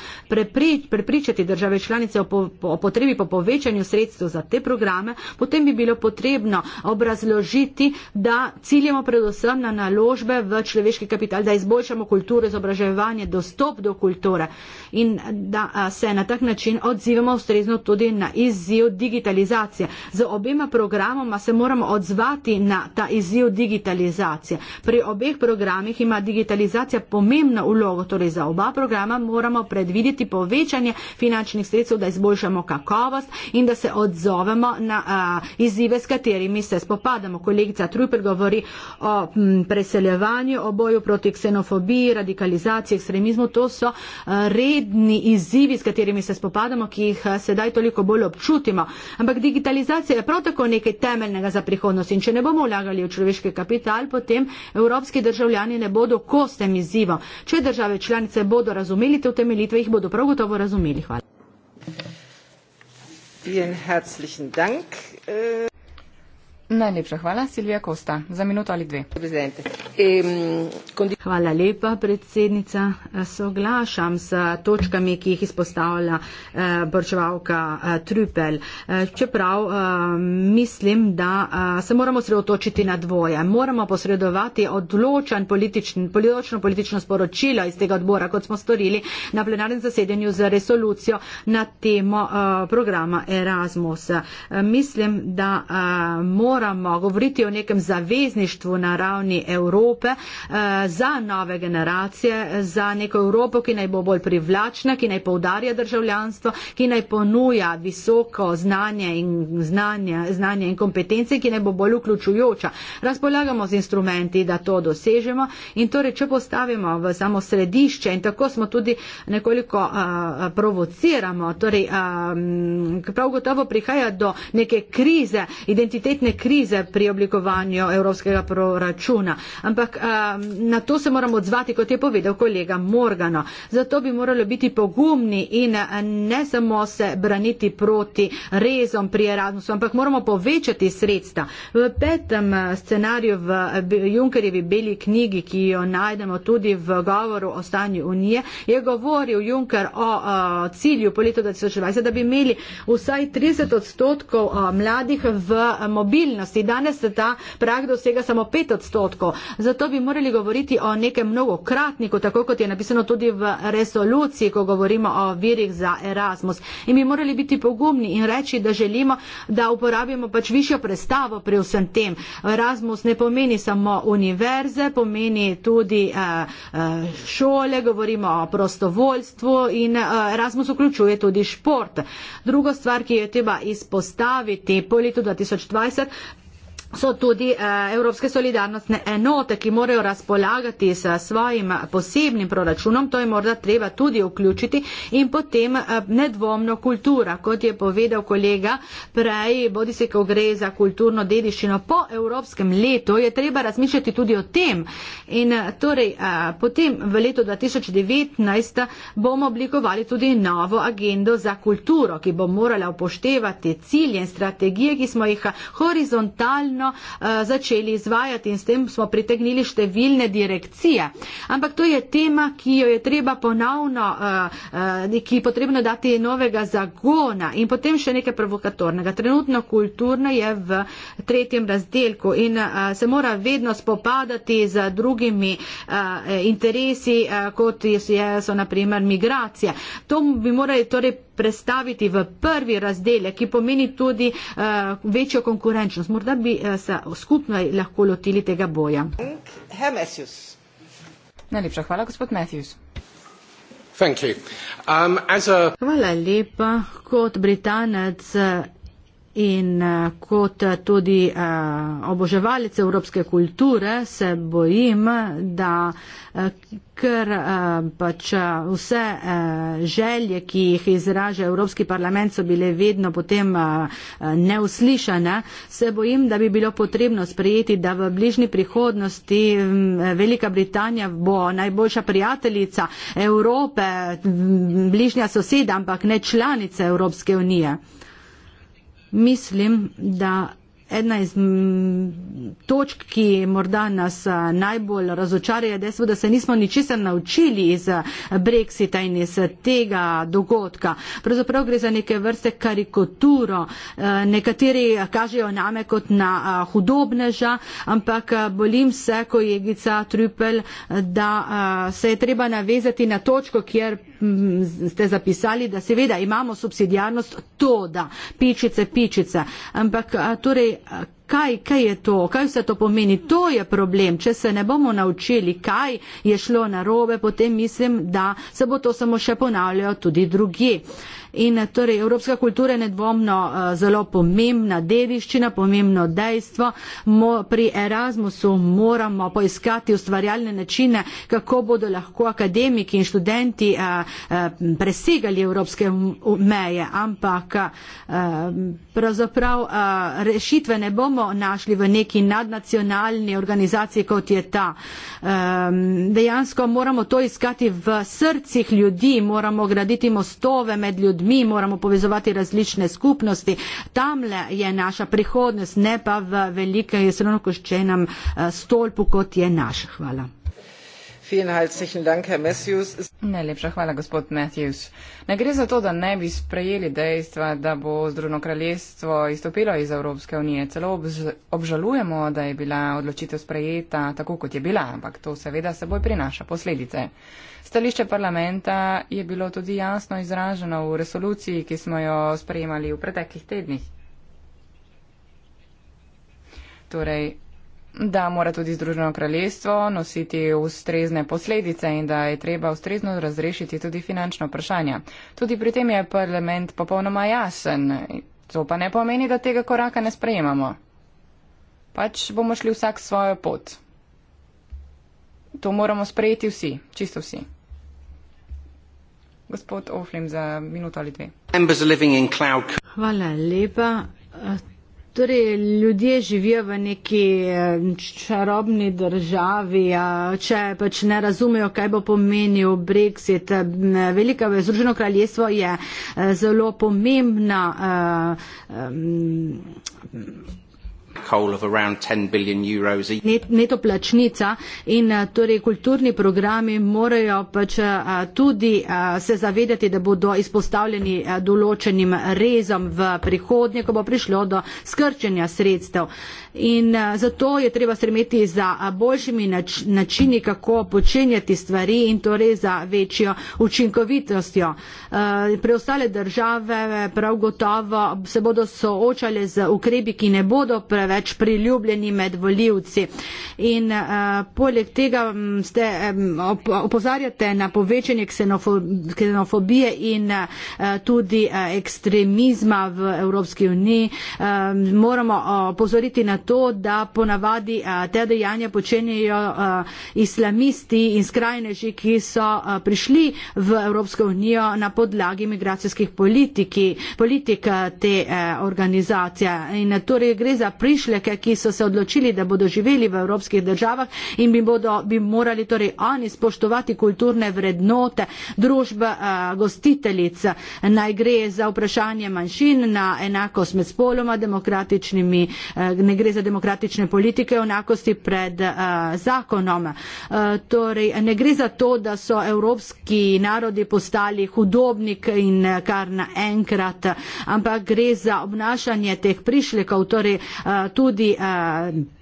prepričati države članice o, po, o potrebi po povečanju sredstva za te programe, potem bi bilo potrebno obrazložiti, da ciljamo predvsem na naložbe v človeški kapital, da izboljšamo kulturo, izobraževanje, dostop do kulture in da se na tak način odzivamo ustrezno tudi na izziv digitalizacije. Z obima programoma se moramo odzvati na ta izziv digitalizacije. Pri obeh programih ima digitalizacija pomembno ulogo, torej za oba programa moramo predvideti povečanje finančnih sredstev, da izboljšamo kakovost in da se odzovemo na a, izzive, s katerimi se spopadamo. Kolegica Trupel govori o m, preseljevanju, o boju proti ksenofobiji, radikalizaciji, ekstremizmu. To so a, redni izzivi, s katerimi se spopadamo, ki jih a, sedaj toliko bolj občutimo. Ampak digitalizacija je prav tako nekaj temeljnega za prihodnost. In če ne bomo vlagali v človeški kapital, potem evropski državljani ne bodo kostem izziva. Če države članice bodo razumeli te utemeljitve, jih bodo prav gotovo razumeli. Hvala. Vielen herzlichen Dank. Äh, Najlepša hvala, Silvija Kosta, za minuto ali dve. Ehm, hvala lepa, predsednica. Eh, soglašam s točkami, ki jih izpostavlja borčevalka eh, eh, Trupel. Čeprav mislim, da se moramo sredotočiti na dvoje. Moramo posredovati odločen političen, politično politično sporočilo iz tega odbora, kot smo storili na plenarnem zasedanju z resolucijo na temo programa Erasmus. Mislim, da moramo moramo govoriti o nekem zavezništvu na ravni Evrope eh, za nove generacije, za neko Evropo, ki naj bo bolj privlačna, ki naj povdarja državljanstvo, ki naj ponuja visoko znanje in, znanje, znanje in kompetence, ki naj bo bolj vključujoča. Razpolagamo z instrumenti, da to dosežemo in torej, če postavimo v samo središče in tako smo tudi nekoliko uh, provociramo, torej, um, prav gotovo prihaja do neke krize, identitetne krize, krize pri oblikovanju evropskega proračuna. Ampak um, na to se moramo odzvati, kot je povedal kolega Morgano. Zato bi moralo biti pogumni in eh, ne samo se braniti proti rezom pri Erasmusu, ampak moramo povečati sredstva. V petem eh, scenariju v Junkerjevi beli knjigi, ki jo najdemo tudi v govoru o stanju unije, je govoril Junker o, o cilju po letu 2020, da bi imeli vsaj 30 odstotkov mladih v mobilnosti stabilnosti. Danes se ta prah dosega samo 5 odstotkov. Zato bi morali govoriti o nekem mnogokratniku, tako kot je napisano tudi v resoluciji, ko govorimo o virih za Erasmus. In bi morali biti pogumni in reči, da želimo, da uporabimo pač višjo prestavo pri vsem tem. Erasmus ne pomeni samo univerze, pomeni tudi eh, eh, šole, govorimo o prostovoljstvu in eh, Erasmus vključuje tudi šport. Druga stvar, ki jo treba izpostaviti po letu 2020, so tudi eh, evropske solidarnostne enote, ki morajo razpolagati s svojim posebnim proračunom, to je morda treba tudi vključiti in potem eh, nedvomno kultura, kot je povedal kolega prej, bodi se, ko gre za kulturno dediščino, po evropskem letu je treba razmišljati tudi o tem. In eh, torej potem v letu 2019 bomo oblikovali tudi novo agendo za kulturo, ki bo morala upoštevati cilje in strategije, ki smo jih horizontalno Ljubljano eh, začeli izvajati in s tem smo pritegnili številne direkcije. Ampak to je tema, ki jo je treba ponovno, eh, eh, ki je potrebno dati novega zagona in potem še nekaj provokatornega. Trenutno kulturno je v tretjem razdelku in se mora vedno spopadati z drugimi interesi, kot so naprimer migracije. To bi morali torej prestaviti v prvi razdelek, ki pomeni tudi uh, večjo konkurenčnost. Morda bi uh, se skupno lahko lotili tega boja. Najlepša hvala, gospod Matthews. Um, a... Hvala lepa. Kot Britanec in eh, kot tudi eh, oboževalec evropske kulture se bojim, da eh, ker pač vse želje, ki jih izraža Evropski parlament, so bile vedno potem neuslišane, se bojim, da bi bilo potrebno sprejeti, da v bližnji prihodnosti mm, Velika Britanija bo najboljša prijateljica Evrope, mm, bližnja soseda, ampak ne članica Evropske unije mislim, da Ena iz točk, ki morda nas najbolj razočarja, je dejstvo, da se nismo ničesar naučili iz Brexita in iz tega dogodka. Pravzaprav gre za neke vrste karikaturo. Nekateri kažejo name kot na hudobneža, ampak bolim se, kolegica Trupel, da se je treba navezati na točko, kjer ste zapisali, da seveda imamo subsidijarnost to, da pičice, pičice. Ampak, torej, kaj, kaj je to, kaj vse to pomeni, to je problem. Če se ne bomo naučili, kaj je šlo narobe, potem mislim, da se bo to samo še ponavljalo tudi drugi. Uh, in torej evropska kultura je nedvomno eh, zelo pomembna dediščina, pomembno dejstvo. Mo, pri Erasmusu moramo poiskati ustvarjalne načine, kako bodo lahko akademiki in študenti a, eh, a, eh, presegali evropske meje, ampak a, pravzaprav a, rešitve ne bomo našli v neki nadnacionalni organizaciji, kot je ta. A, ehm, dejansko moramo to iskati v srcih ljudi, moramo graditi mostove med ljudmi ljudmi, moramo povezovati različne skupnosti. Tamle je naša prihodnost, ne pa v velikem srnokoščenem eh, stolpu, kot je naš. Hvala. Najlepša hvala, gospod Matthews. Ne gre za to, da ne bi sprejeli dejstva, da bo Združeno kraljestvo izstopilo iz Evropske unije. Celo obž obžalujemo, da je bila odločitev sprejeta tako, kot je bila, ampak to seveda seboj prinaša posledice. Stališče parlamenta je bilo tudi jasno izraženo v resoluciji, ki smo jo sprejemali v preteklih tednih. Torej, da mora tudi Združeno kraljestvo nositi ustrezne posledice in da je treba ustrezno razrešiti tudi finančno vprašanje. Tudi pri tem je parlament popolnoma jasen. To pa ne pomeni, da tega koraka ne sprejemamo. Pač bomo šli vsak svojo pot. To moramo sprejeti vsi, čisto vsi. Gospod Oflim, za minuto ali dve. Hvala lepa. Torej, ljudje živijo v neki eh, čarobni državi, če pač ne razumejo, kaj bo pomenil Brexit. Eh, Velika eh, Združeno kraljestvo je zelo pomembna. Uh, um, whole of around 10 billion euros a year. Neto plačnica in eh, torej kulturni programi morajo pač eh, tudi eh, se zavedati, da bodo izpostavljeni določenim rezom v prihodnje, ko bo prišlo do skrčenja sredstev in eh, zato je treba stremeti za eh, boljšimi nač načini, kako počenjati stvari in torej za večjo učinkovitostjo. Eh, preostale države prav gotovo se bodo soočale z ukrebi, ki ne bodo preveč priljubljeni med voljivci. In poleg tega mm, ste opozarjate na povečanje ksenofobije in tudi ekstremizma v Evropski uniji. Moramo opozoriti na to, da ponavadi te dejanja počenjajo islamisti in skrajneži, ki so prišli v Evropsko unijo na podlagi migracijskih politiki, politika te organizacije. In torej gre za prišleke, ki so se odločili, da bodo živeli v evropskih državah in bi, bodo, bi morali torej oni spoštovati kulturne vrednote družbe gostiteljic. Naj gre za vprašanje manjšin, na enakost med spoloma, demokratičnimi, ne gre za demokratične politike o enakosti pred uh, zakonom. Uh, torej, ne gre za to, da so evropski narodi postali hudobnik in eh, kar naenkrat, ampak gre za obnašanje teh prišlikov, torej uh, tudi uh,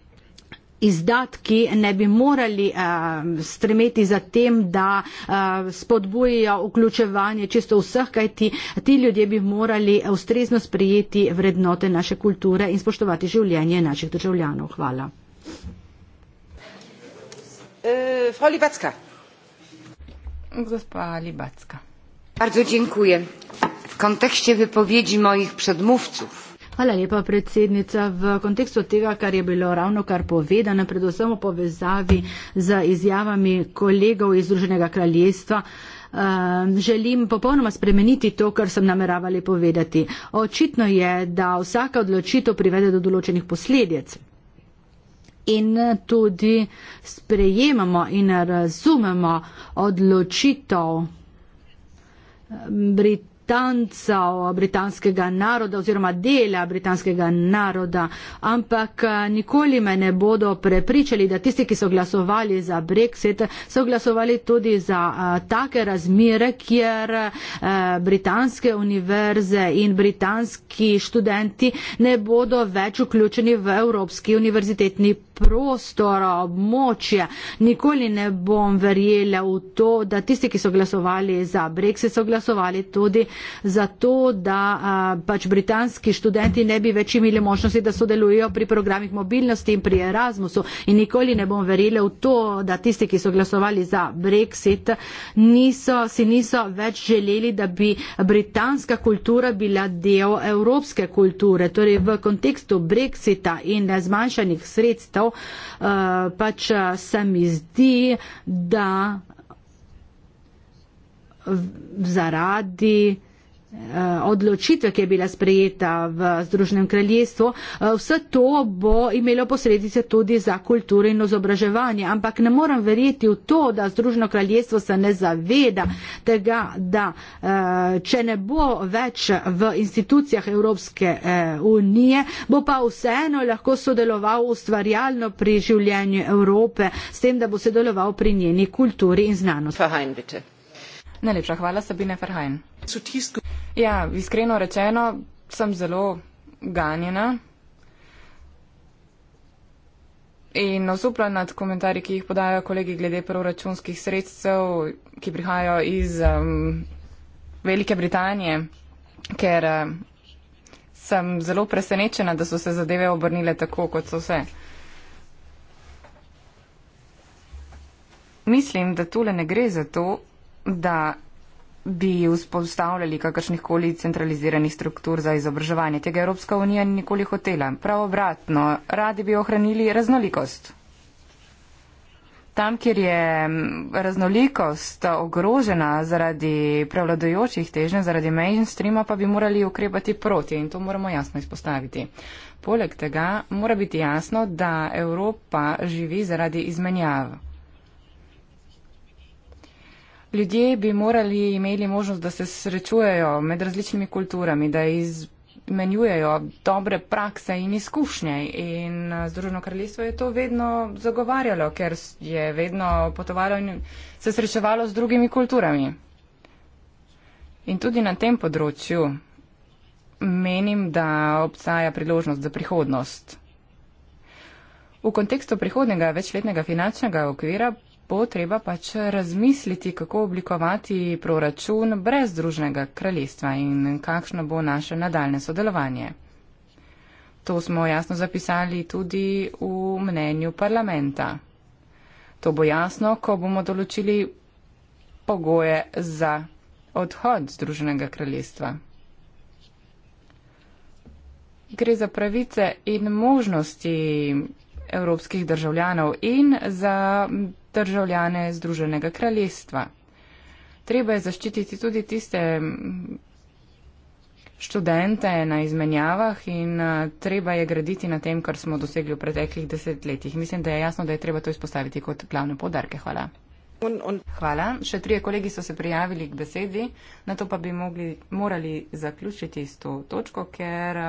izdatki ne bi morali uh, stremeti za tem, da uh, spodbujajo vključevanje čisto vseh, kajti ti ljudje bi morali ustrezno sprejeti vrednote naše kulture in spoštovati življenje naših državljanov. Hvala. Uh, Frau Libacka. Gospa Libacka. Bardzo dziękuję. W kontekście wypowiedzi moich przedmówców Hvala lepa, predsednica. V kontekstu tega, kar je bilo ravno kar povedano, predvsem v povezavi z izjavami kolegov iz Združenega kraljestva, eh, želim popolnoma spremeniti to, kar sem nameravali povedati. Očitno je, da vsaka odločitev privede do določenih posledic. In eh, tudi sprejemamo in razumemo odločitev eh, Britanije tanca britanskega naroda oziroma dela britanskega naroda, ampak eh, nikoli me ne bodo prepričali, da tisti, ki so glasovali za Brexit, so glasovali tudi za uh, take razmire, kjer uh, britanske univerze in britanski študenti ne bodo več vključeni v evropski univerzitetni prostora, območja. Nikoli ne bom verjela v to, da tisti, ki so glasovali za Brexit, so glasovali tudi za to, da a, pač britanski študenti ne bi več imeli možnosti, da sodelujejo pri programih mobilnosti in pri Erasmusu. In nikoli ne bom verjela v to, da tisti, ki so glasovali za Brexit, niso, si niso več želeli, da bi britanska kultura bila del evropske kulture. Torej v kontekstu Brexita in zmanjšanih sredstev, povedal, eh, pač eh, se mi zdi, da zaradi Eh, odločitve, ki je bila sprejeta v Združenem kraljestvu, eh, vse to bo imelo posledice tudi za kulturo in izobraževanje. Ampak ne moram verjeti v to, da Združeno kraljestvo se ne zaveda tega, da eh, če ne bo več v institucijah Evropske unije, bo pa vseeno lahko sodeloval ustvarjalno pri življenju Evrope, s tem, da bo sodeloval pri njeni kulturi in znanosti. Najlepša hvala, Sabine Ferhajn. Ja, iskreno rečeno, sem zelo ganjena in nasupla nad komentarji, ki jih podajo kolegi glede proračunskih sredstev, ki prihajajo iz um, Velike Britanije, ker uh, sem zelo presenečena, da so se zadeve obrnile tako, kot so se. Mislim, da tole ne gre za to, da bi vzpostavljali kakršnihkoli centraliziranih struktur za izobraževanje. Tega Evropska unija ni nikoli hotela. Prav obratno, radi bi ohranili raznolikost. Tam, kjer je raznolikost ogrožena zaradi prevladojočih težnj, zaradi mainstreama, pa bi morali ukrepati proti in to moramo jasno izpostaviti. Poleg tega mora biti jasno, da Evropa živi zaradi izmenjav ljudje bi morali imeli možnost, da se srečujejo med različnimi kulturami, da izmenjujejo dobre prakse in izkušnje. In eh, Združeno kraljestvo je to vedno zagovarjalo, ker je vedno potovalo in se srečevalo z drugimi kulturami. In tudi na tem področju menim, da obstaja priložnost za prihodnost. V kontekstu prihodnega večletnega finančnega okvira bo treba pač razmisliti, kako oblikovati proračun brez družnega kraljestva in kakšno bo naše nadaljne sodelovanje. To smo jasno zapisali tudi v mnenju parlamenta. To bo jasno, ko bomo določili pogoje za odhod združenega kraljestva. Gre za pravice in možnosti evropskih državljanov in za državljane Združenega kraljestva. Treba je zaščititi tudi tiste študente na izmenjavah in treba je graditi na tem, kar smo dosegli v preteklih desetletjih. Mislim, da je jasno, da je treba to izpostaviti kot glavne podarke. Hvala. Hvala. Še trije kolegi so se prijavili k besedi, na to pa bi mogli, morali zaključiti s to točko, ker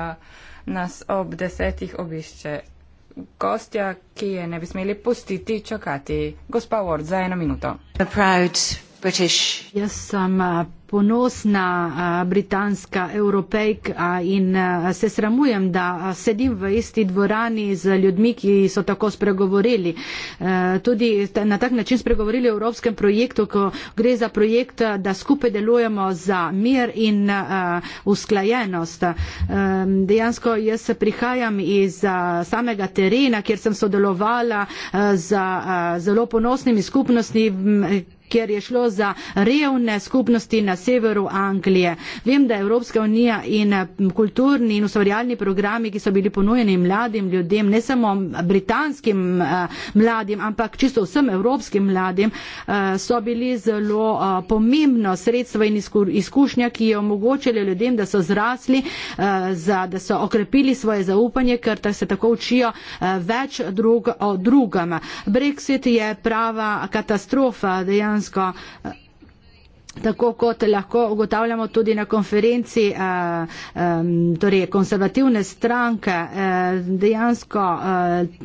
nas ob desetih obišče gostja, ki je ne bi smeli pustiti čakati. Gospa Ward, za eno minuto. Jaz sem eh, ponosna britanska evropejka in se sramujem, da sedim v isti dvorani z ljudmi, ki so tako spregovorili. Tudi na tak način spregovorili o evropskem projektu, ko gre za projekt, da skupaj delujemo za mir in usklajenost. Dejansko jaz prihajam iz samega terena, kjer sem sodelovala z zelo ponosnimi skupnostmi, kjer je šlo za revne skupnosti na severu Anglije. Vem, da Evropska unija in kulturni in ustvarjalni programi, ki so bili ponujeni mladim ljudem, ne samo britanskim mladim, ampak čisto vsem evropskim mladim, so bili zelo pomembno sredstvo in izkušnja, ki je omogočilo ljudem, da so zrasli, da so okrepili svoje zaupanje, ker se tako učijo več drug o drugem. Brexit je prava katastrofa. Dejansko dejansko. Eh, tako kot lahko ugotavljamo tudi na konferenci, eh, torej konservativne stranke, eh, dejansko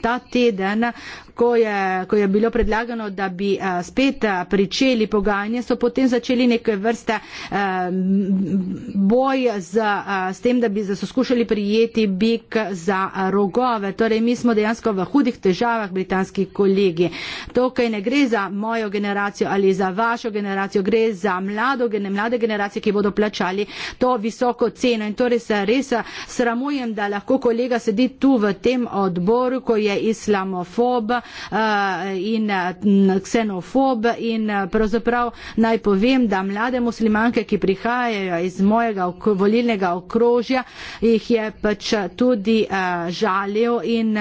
ta teden ko je, ko je bilo predlagano, da bi eh, spet eh, pričeli pogajanje, so potem začeli neke vrste eh, boj z, s tem, da bi skušali prijeti bik za rogove. Torej, mi smo dejansko v hudih težavah, britanski kolegi. Tukaj ne gre za mojo generacijo ali za vašo generacijo, gre za mlado, mlade generacije, ki bodo plačali to visoko ceno. In torej se res sramujem, da lahko kolega sedi tu v tem odboru, ko je islamofob, Eh, in eh, ksenofob in eh, pravzaprav naj povem, da mlade muslimanke, ki prihajajo iz mojega volilnega okrožja, jih je pač tudi žalil in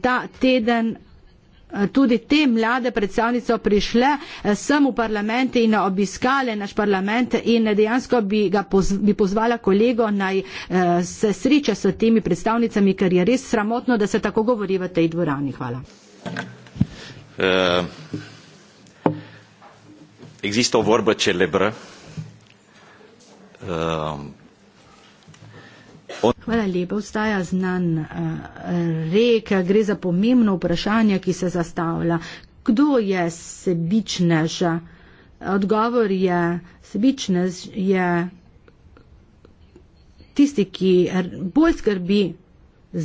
ta teden Eh, tudi te mlade predstavnice prišle eh, sem v parlament in obiskale naš parlament in dejansko bi, poz, bi pozvala kolego naj eh, se sreča s temi predstavnicami, ker je res sramotno, da se tako govori v tej dvorani. Hvala. Uh, Existe o vorbă celebră uh, Hvala lepa. Ostaja znan eh, rek, gre za pomembno vprašanje, ki se zastavlja. Kdo je sebičnež? Odgovor je, sebičnež je tisti, ki bolj skrbi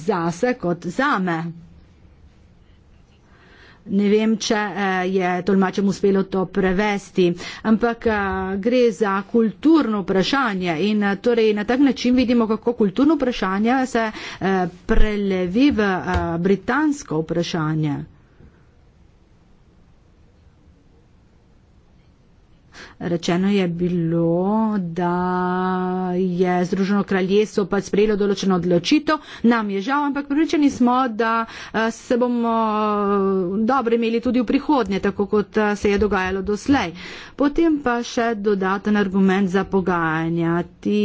zase kot zame. Ne vem, če eh, je tolmačem uspelo to prevesti, ampak eh, gre za kulturno vprašanje in eh, torej na tak način vidimo, kako kulturno vprašanje se prelevi v britansko vprašanje. Rečeno je bilo, da je Združeno kraljestvo pa sprejelo določeno odločitev. Nam je žal, ampak pripričani smo, da eh, se bomo eh, dobro imeli tudi v prihodnje, tako kot eh, se je dogajalo doslej. Potem pa še dodaten argument za pogajanja. Ti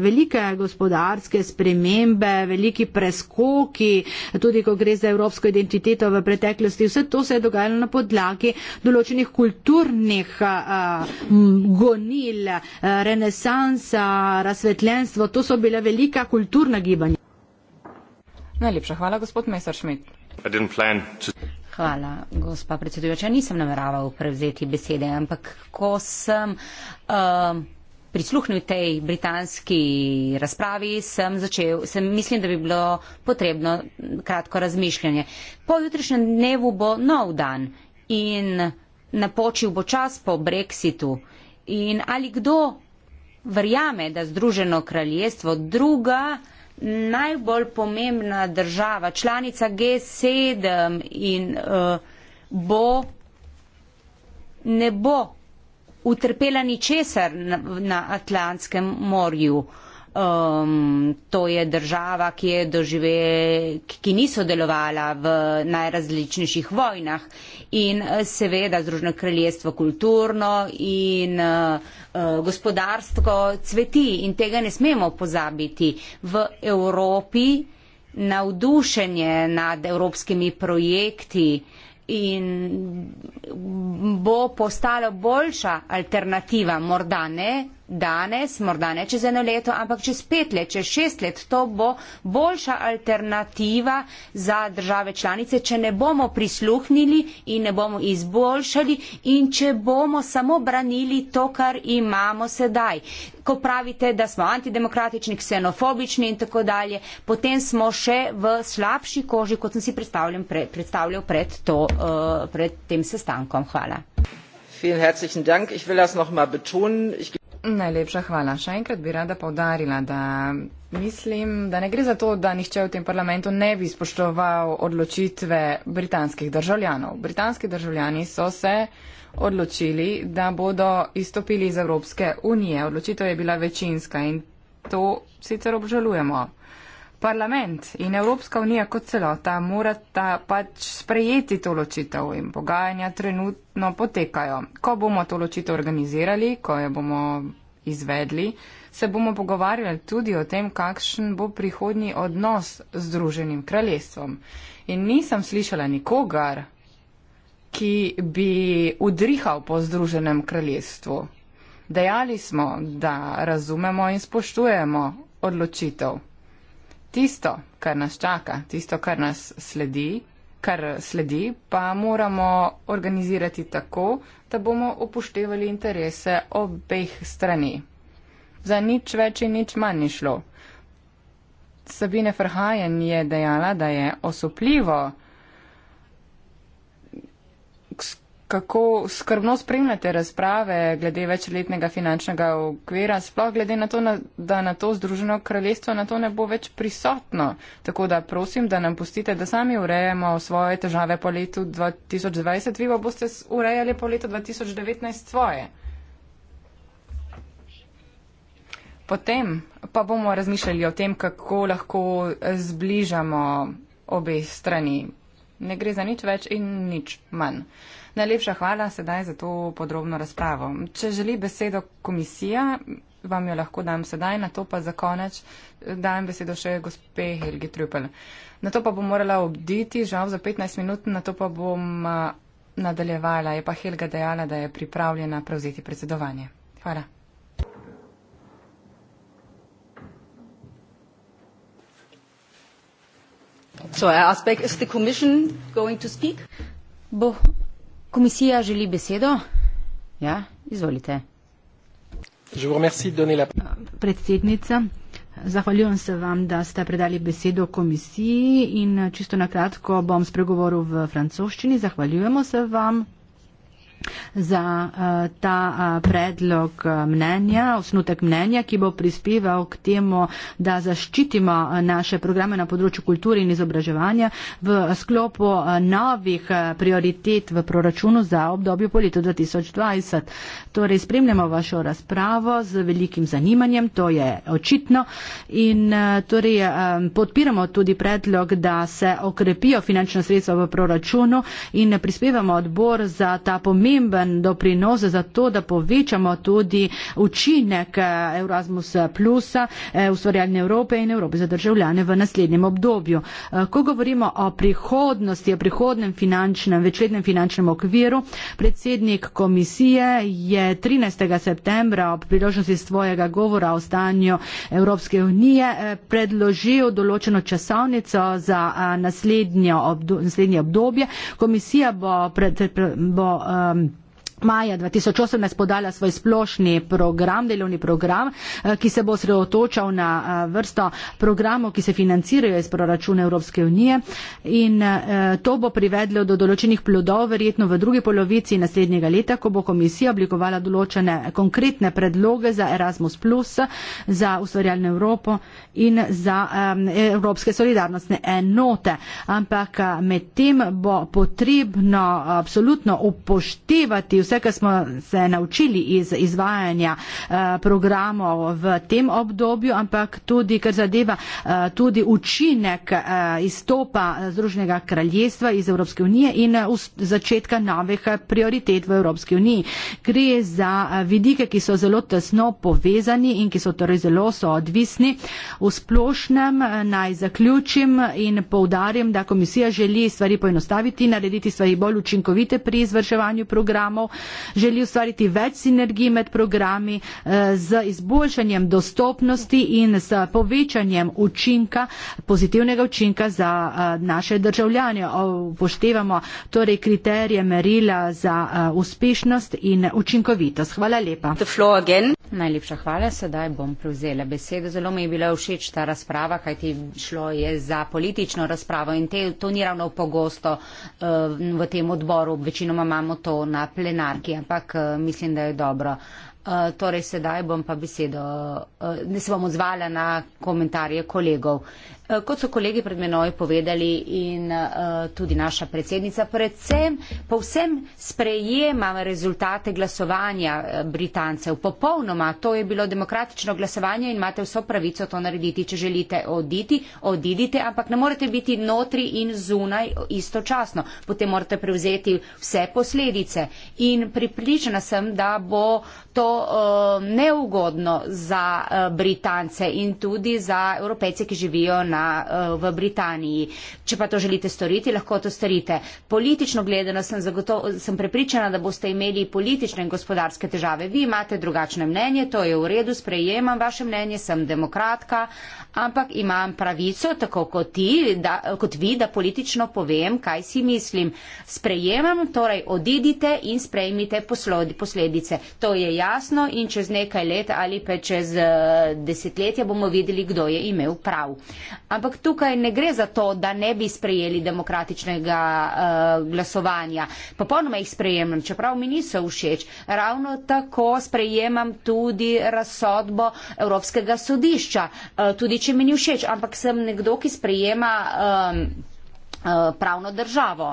velike gospodarske spremembe, veliki preskoki, tudi ko gre za evropsko identiteto v preteklosti, vse to se je dogajalo na podlagi določenih kulturnih gonil, eh, renesansa, razsvetljenstvo, to so bile velika kulturna gibanja. Najlepša hvala, gospod Messerschmidt. Hvala, gospa predsedujoča. Nisem nameraval prevzeti besede, ampak ko sem uh, prisluhnil tej britanski razpravi, sem začel, sem mislim, da bi bilo potrebno kratko razmišljanje. Po jutrišnjem dnevu bo nov dan in napočil bo čas po brexitu in ali kdo verjame, da Združeno kraljestvo druga najbolj pomembna država, članica G7 in uh, bo ne bo utrpela ničesar na, na Atlantskem morju. Uh, um, to je država, ki, je dožive, ki ni sodelovala v najrazličnejših vojnah in eh, seveda Združeno kraljestvo kulturno in uh, gospodarstvo cveti in tega ne smemo pozabiti. V Evropi navdušenje nad evropskimi projekti in bo postala boljša alternativa, morda ne danes, morda ne čez eno leto, ampak čez pet let, čez šest let, to bo boljša alternativa za države članice, če ne bomo prisluhnili in ne bomo izboljšali in če bomo samo branili to, kar imamo sedaj. Ko pravite, da smo antidemokratični, ksenofobični in tako dalje, potem smo še v slabši koži, kot sem si predstavljal, pre, predstavljal pred, to, uh, pred tem sestankom. Hvala. Vielen herzlichen Dank. Ich will das noch mal betonen. Ich Najlepša hvala. Še enkrat bi rada povdarila, da mislim, da ne gre za to, da nihče v tem parlamentu ne bi spoštoval odločitve britanskih državljanov. Britanski državljani so se odločili, da bodo izstopili iz Evropske unije. Odločitev je bila večinska in to sicer obžalujemo. Uh, Parlament in Evropska unija kot celota morata pač sprejeti to ločitev in pogajanja trenutno potekajo. Ko bomo to ločitev organizirali, ko jo bomo izvedli, se bomo pogovarjali tudi o tem, kakšen bo prihodnji odnos z Združenim kraljestvom. In nisem slišala nikogar, ki bi udrihal po Združenem kraljestvu. Dejali smo, da razumemo in spoštujemo odločitev tisto, kar nas čaka, tisto, kar nas sledi, kar sledi, pa moramo organizirati tako, da bomo upoštevali interese obeh strani. Za nič več in nič manj ni šlo. Sabine Frhajen je dejala, da je osupljivo, kako skrbno spremljate razprave glede večletnega finančnega okvira, sploh glede na to, da na to Združeno kraljestvo na to ne bo več prisotno. Tako da prosim, da nam pustite, da sami urejemo svoje težave po letu 2020, vi pa boste urejali po letu 2019 svoje. Potem pa bomo razmišljali o tem, kako lahko zbližamo obe strani. Ne gre za nič več in nič manj. Najlepša hvala sedaj za to podrobno razpravo. Če želi besedo komisija, vam jo lahko dam sedaj, na to pa za konec eh, dajem besedo še gospe Helgi Trupel. Na to pa bom morala obditi, žal za 15 minut, na to pa bom eh, nadaljevala. Je pa Helga dejala, da je pripravljena prevzeti predsedovanje. Hvala. So I ask back, is the commission going to speak? Bo Komisija želi besedo. Ja, izvolite. Predsednica, zahvaljujem se vam, da ste predali besedo komisiji in čisto na kratko bom spregovoril v francoščini. Zahvaljujemo se vam za eh, ta eh, predlog eh, mnenja, osnutek mnenja, ki bo prispeval k temu, da zaščitimo naše programe na področju kulture in izobraževanja v sklopu novih prioritet v proračunu za obdobje po letu 2020. Torej, spremljamo vašo razpravo z velikim zanimanjem, to je očitno. In torej, podpiramo tudi predlog, da se okrepijo finančno sredstvo v proračunu in prispevamo odbor za ta pomen pomemben doprinos za to, da povečamo tudi učinek eh, Erasmus Plus eh, ustvarjalne Evrope in Evrope za državljane v naslednjem obdobju. Eh, ko govorimo o prihodnosti, o prihodnem finančnem, večletnem finančnem okviru, predsednik komisije je 13. septembra ob priložnosti svojega govora o stanju Evropske unije predložil določeno časovnico za naslednje obdobje. Komisija bo, pred, pred, bo um, maja 2018 podala svoj splošni program, delovni program, eh, ki se bo sredotočal na eh, vrsto programov, ki se financirajo iz proračuna Evropske unije in eh, to bo privedlo do določenih plodov verjetno v drugi polovici naslednjega leta, ko bo komisija oblikovala določene konkretne predloge za Erasmus, za ustvarjalno Evropo in za Evropske solidarnostne enote. Ampak med tem bo potrebno absolutno upoštevati vse, kar smo se naučili iz izvajanja eh, programov v tem obdobju, ampak tudi, kar zadeva eh, tudi učinek eh, izstopa Združenega kraljestva iz Evropske unije in začetka novih prioritet v Evropski uniji. Gre za vidike, ki so zelo tesno povezani in ki so torej zelo soodvisni. V splošnem naj zaključim in poudarim, da komisija želi stvari poenostaviti, narediti stvari bolj učinkovite pri izvrševanju programov želi ustvariti več sinergij med programi eh, z izboljšanjem dostopnosti in s povečanjem učinka, pozitivnega učinka za eh, naše državljanje. Upoštevamo torej kriterije merila za eh, uspešnost in učinkovitost. Hvala lepa. Najlepša hvala, sedaj bom prevzela besedo. Zelo mi je bila všeč ta razprava, kajti šlo je za politično razpravo in te, to ni ravno pogosto uh, v tem odboru. Večinoma imamo to na plenarju monarhiji, ampak eh, mislim, da je dobro. Eh, torej, sedaj bom pa besedo, ne eh, se bom odzvala na komentarje kolegov. Eh, kot so kolegi pred menoj povedali in eh, tudi naša predsednica, predvsem povsem sprejemam rezultate glasovanja eh, Britancev. Popolnoma, to je bilo demokratično glasovanje in imate vso pravico to narediti. Če želite oditi, odidite, ampak ne morete biti notri in zunaj istočasno. Potem morate prevzeti vse posledice. In pripričana sem, da bo to neugodno za Britance in tudi za Evropejce, ki živijo na na, eh, v Britaniji. Če pa to želite storiti, lahko to storite. Politično gledano sem, zagotov, sem prepričana, da boste imeli politične in gospodarske težave. Vi imate drugačne mnenje, to je v redu, sprejemam vaše mnenje, sem demokratka, ampak imam pravico, tako kot, ti, da, kot vi, da politično povem, kaj si mislim. Sprejemam, torej odidite in sprejmite posledice. To je jasno in čez nekaj let ali pa čez eh, desetletja bomo videli, kdo je imel prav. Ampak tukaj ne gre za to, da ne bi sprejeli demokratičnega uh, glasovanja. Popolnoma jih sprejemam, čeprav mi niso všeč. Ravno tako sprejemam tudi razsodbo Evropskega sodišča, uh, tudi če mi ni všeč. Ampak sem nekdo, ki sprejema. Um, pravno državo.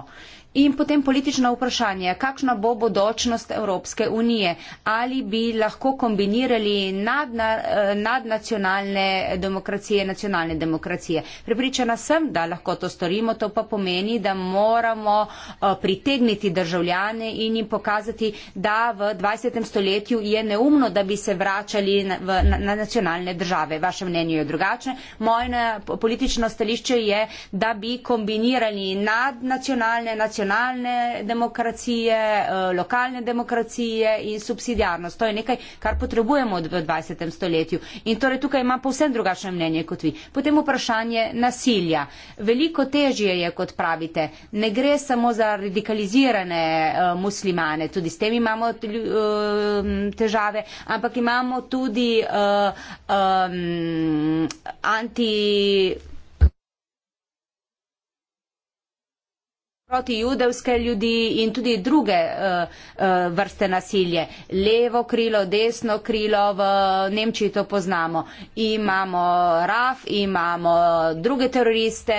In potem politično vprašanje, kakšna bo bodočnost Evropske unije? Ali bi lahko kombinirali eh, nadnacionalne nad demokracije, nacionalne demokracije? Pripričana sem, da lahko to storimo, to pa pomeni, da moramo eh, pritegniti državljane in jim pokazati, da v 20. stoletju je neumno, da bi se vračali na, v, na, na nacionalne države. Vaše mnenje je drugačne. Moje politično stališče je, da bi kombinirali nadnacionalne, nacionalne nacionalne demokracije, eh, lokalne demokracije in subsidijarnost. To je nekaj, kar potrebujemo v 20. stoletju. In torej tukaj imam povsem drugačne mnenje kot vi. Potem vprašanje nasilja. Veliko težje je, kot pravite, ne gre samo za radikalizirane eh, muslimane, tudi s tem imamo eh, težave, ampak imamo tudi um, anti. proti judovske ljudi in tudi druge uh, uh, vrste nasilje. Levo krilo, desno krilo, v Nemčiji to poznamo. Imamo RAF, imamo druge teroriste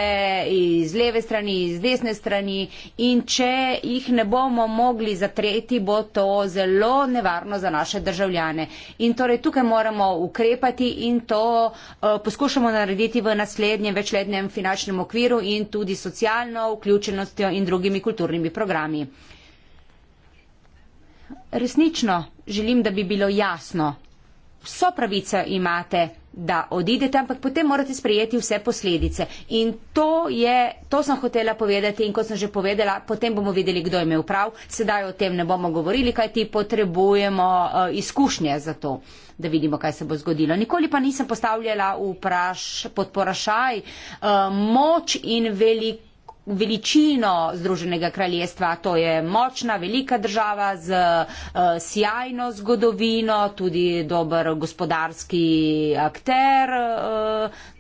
iz leve strani, iz desne strani in če jih ne bomo mogli zatreti, bo to zelo nevarno za naše državljane. In torej tukaj moramo ukrepati in to uh, poskušamo narediti v naslednjem večletnem finančnem okviru in tudi socialno vključenostjo in drugimi kulturnimi programi. Resnično želim, da bi bilo jasno, vso pravico imate, da odidete, ampak potem morate sprejeti vse posledice. In to, je, to sem hotela povedati in kot sem že povedala, potem bomo videli, kdo je imel prav. Sedaj o tem ne bomo govorili, kaj ti potrebujemo uh, izkušnje za to, da vidimo, kaj se bo zgodilo. Nikoli pa nisem postavljala vpraš, pod porašaj uh, eh, moč in velik veličino Združenega kraljestva. To je močna, velika država z uh, sjajno zgodovino, tudi dober gospodarski akter. Uh,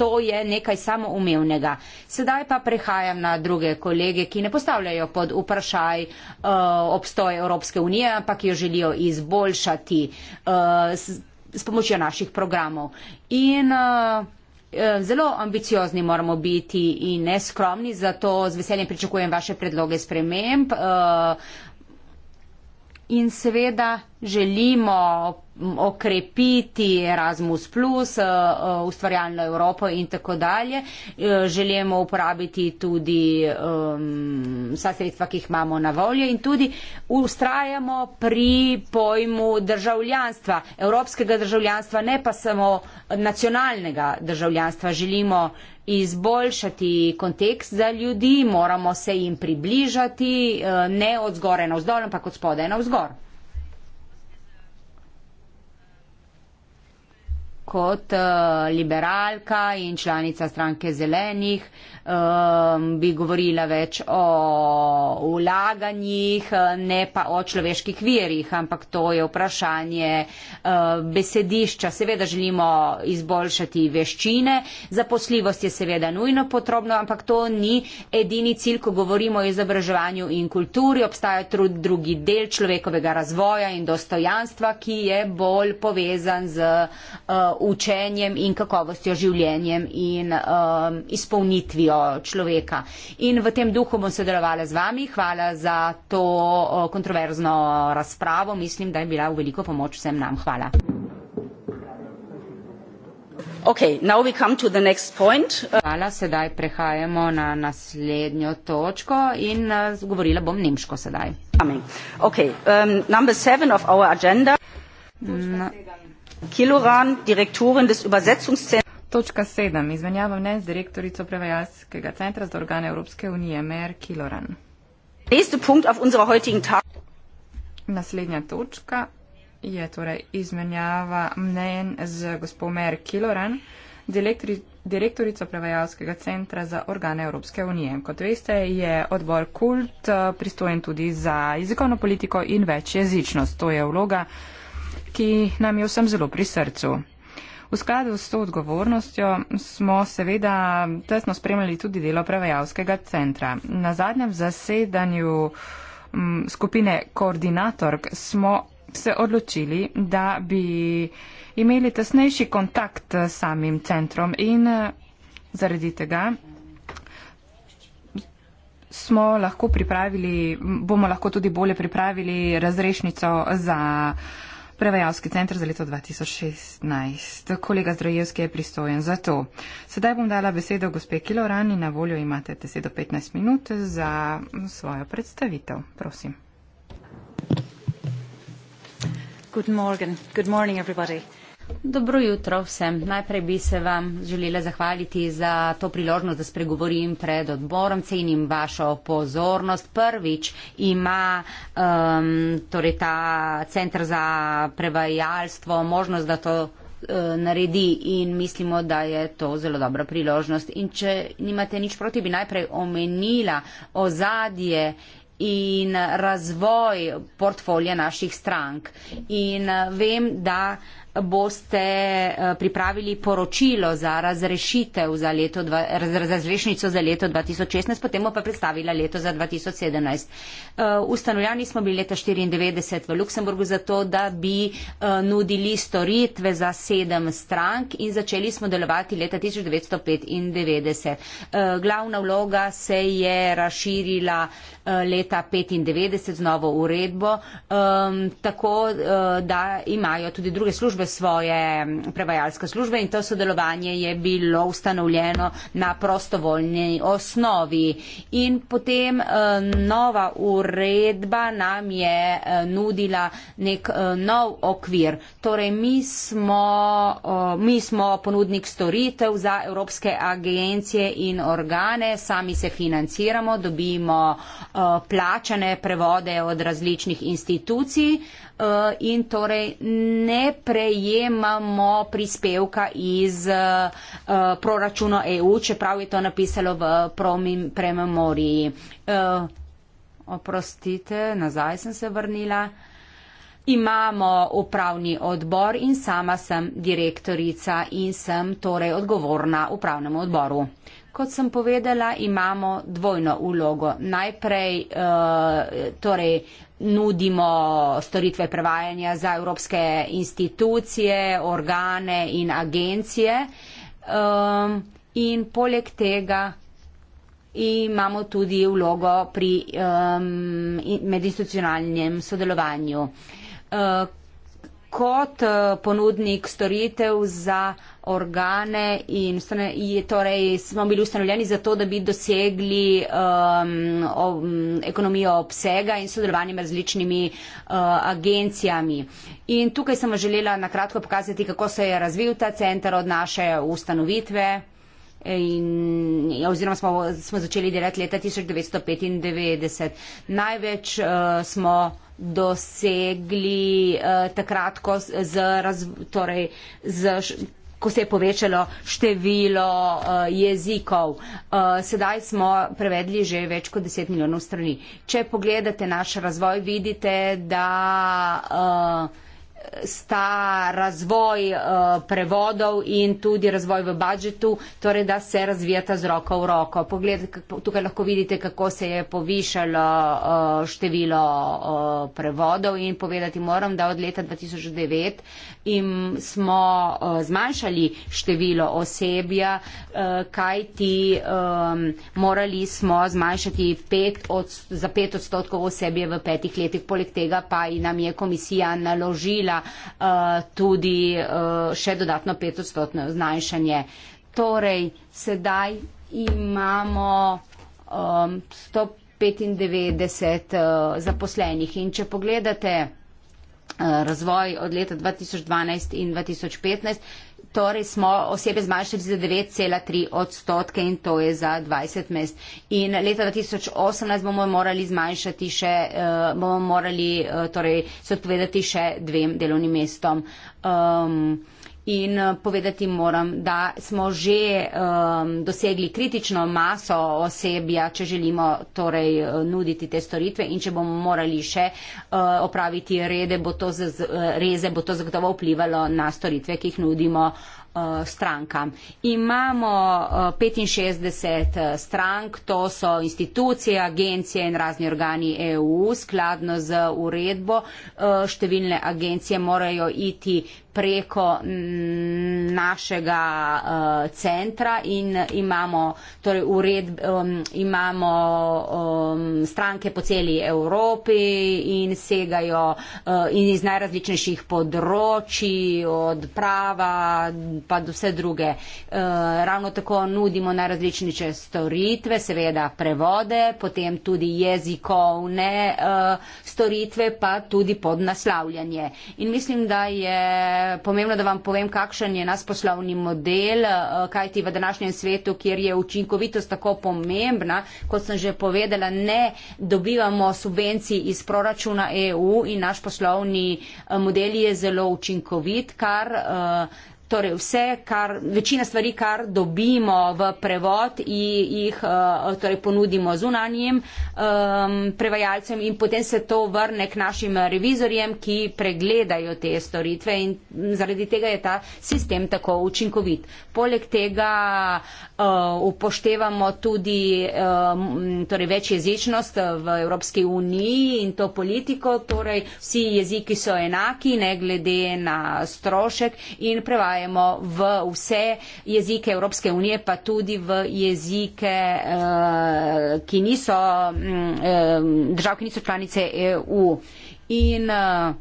To je nekaj samoumevnega. Sedaj pa prehajam na druge kolege, ki ne postavljajo pod vprašaj uh, obstoj Evropske unije, ampak jo želijo izboljšati uh, s, s pomočjo naših programov. In uh, Eh, zelo ambiciozni moramo biti in neskromni, zato z veseljem pričakujem vaše predloge sprememb. Uh, in seveda želimo okrepiti Erasmus, plus, eh, ustvarjalno Evropo in tako dalje. Eh, želimo uporabiti tudi um, vsa sredstva, ki jih imamo na voljo in tudi ustrajamo pri pojmu državljanstva, evropskega državljanstva, ne pa samo nacionalnega državljanstva. Želimo izboljšati kontekst za ljudi, moramo se jim približati, eh, ne od zgore na vzdolj, ampak od spode na vzgor. Kot uh, liberalka in članica stranke zelenih, uh, bi govorila več o vlaganjih, ne pa o človeških virih, ampak to je vprašanje eh, besedišča. Seveda želimo izboljšati veščine, zaposljivost je seveda nujno potrebno, ampak to ni edini cilj, ko govorimo o izobraževanju in kulturi. Obstaja tudi drugi del človekovega razvoja in dostojanstva, ki je bolj povezan z eh, učenjem in kakovostjo življenjem in izpolnitvijo človeka. In v tem duhu bom sodelovala z vami. Hvala za to kontroverzno razpravo. Mislim, da je bila v veliko pomoč vsem nam. Hvala. Okay, now we come to the next point. Hvala, sedaj prehajamo na naslednjo točko in e, govorila bom nemško sedaj. Okay, um, number seven of our agenda. Kiloran, direktorin des Übersetzungszentrums. Točka sedem. Izmenjava mnenj z direktorico prevajalskega centra za organe Evropske unije, Mer Kiloran. Naslednja točka je torej izmenjava mnenj z gospo Mer Kiloran, direktorico prevajalskega centra za organe Evropske unije. Kot veste, je odbor KULT eh, pristojen tudi za jezikovno politiko in večjezičnost. To je vloga, ki nam je vsem zelo pri srcu. V skladu s to odgovornostjo smo seveda tesno spremljali tudi delo prevajalskega centra. Na zadnjem zasedanju m, mm, skupine koordinatork smo se odločili, da bi imeli tesnejši kontakt s samim centrom in zaradi tega smo lahko pripravili, bomo lahko tudi bolje pripravili razrešnico za uh, Prevajalski center za leto 2016. Kolega Zdrojevski je pristojen za to. Sedaj bom dala besedo gospe Kilorani. Na voljo imate 10 do 15 minut za svojo predstavitev. Prosim. Good morning. Good morning, everybody. Dobro jutro vsem. Najprej bi se vam želela zahvaliti za to priložnost, da spregovorim pred odborom. Cenim vašo pozornost. Prvič ima um, torej ta centr za prevajalstvo možnost, da to uh, naredi in mislimo, da je to zelo dobra priložnost. In če nimate nič proti, bi najprej omenila ozadje in razvoj portfolija naših strank. In uh, vem, da boste eh, pripravili poročilo za razrešitev za leto, razrešnico za leto 2016, potem bo pa predstavila leto za 2017. Eh, Ustanovljani smo bili leta 1994 v Luksemburgu zato, da bi eh, nudili storitve za sedem strank in začeli smo delovati leta 1995. Glavna vloga se je razširila leta 1995 z novo uredbo, tako da imajo tudi druge službe svoje prevajalske službe in to sodelovanje je bilo ustanovljeno na prostovoljni osnovi. In potem eh, nova uredba nam je eh, nudila nek eh, nov okvir. Torej, mi smo, mi smo ponudnik storitev za evropske agencije in organe, sami se financiramo, dobimo plačane prevode od različnih institucij. Eh, in torej ne prejemamo prispevka iz eh, proračuna EU, čeprav je to napisalo v prememoriji. Eh, oprostite, nazaj sem se vrnila. Imamo upravni odbor in sama sem direktorica in sem torej odgovorna upravnemu odboru. Kot sem povedala, imamo dvojno ulogo. Najprej torej, nudimo storitve prevajanja za evropske institucije, organe in agencije. Um, in poleg tega imamo tudi vlogo pri um, medinstitucionalnem sodelovanju. Uh, kot uh, ponudnik storitev za organe in ustane, je, torej, smo bili ustanovljeni za to, da bi dosegli um, o, ekonomijo obsega in sodelovanje med različnimi uh, agencijami. In tukaj sem vam želela na kratko pokazati, kako se je razvil ta center od naše ustanovitve. In, ja, oziroma smo, smo začeli delati leta 1995. Največ uh, smo dosegli uh, takrat, ko z, z, raz, torej, z ko se je povečalo število eh, jezikov. Eh, sedaj smo prevedli že več kot 10 milijonov strani. Če pogledate naš razvoj, vidite, da uh, sta razvoj uh, prevodov in tudi razvoj v budžetu, torej da se razvijata z roko v roko. Pogled, tukaj lahko vidite, kako se je povišalo uh, število uh, prevodov in povedati moram, da od leta 2009 im, smo uh, zmanjšali število osebja, uh, kaj ti um, ehm, morali smo zmanjšati pet od, za pet odstotkov osebja v petih letih. Poleg tega pa nam je komisija naložila uh, tudi uh, še dodatno 5-odstotno znanjšanje. Torej, sedaj imamo um, 195 uh, zaposlenih in če pogledate uh, razvoj od leta 2012 in 2015, torej smo osebe zmanjšali za 9,3 odstotke in to je za 20 mest. In leta 2018 bomo morali zmanjšati še, uh, bomo morali uh, torej, se odpovedati še dvem delovnim mestom. Um, In eh, povedati moram, da smo že um, dosegli kritično maso osebja, če želimo torej eh, nuditi te storitve in če bomo morali še uh, opraviti rede, bo to, z, uh, reze, bo to zagotovo vplivalo na storitve, ki jih nudimo stranka. Imamo 65 strank, to so institucije, agencije in razni organi EU, skladno z uredbo. Številne agencije morajo iti preko našega eh, centra in imamo, torej ured, imamo stranke po celi Evropi in segajo eh, in iz najrazličnejših področji, od prava pa do vse druge. Eh, ravno tako nudimo najrazličnejše storitve, seveda prevode, potem tudi jezikovne storitve, pa tudi podnaslavljanje. In mislim, da je pomembno, da vam povem, kakšen je nas poslovni model, eh, kajti v današnjem svetu, kjer je učinkovitost tako pomembna, kot sem že povedala, ne dobivamo subvencij iz proračuna EU in naš poslovni eh, model je zelo učinkovit, kar uh, Torej vse, kar, večina stvari, kar dobimo v prevod, jih eh, torej ponudimo zunanjim um, prevajalcem in potem se to vrne k našim revizorjem, ki pregledajo te storitve in zaradi tega je ta sistem tako učinkovit. Poleg tega uh, upoštevamo tudi um, torej večjezičnost v Evropski uniji in to politiko, torej vsi jeziki so enaki, ne glede na strošek in prevajalce prevajamo v vse jezike Evropske unije, pa tudi v jezike, eh, ki niso, mm, eh, držav, ki niso članice EU. In eh,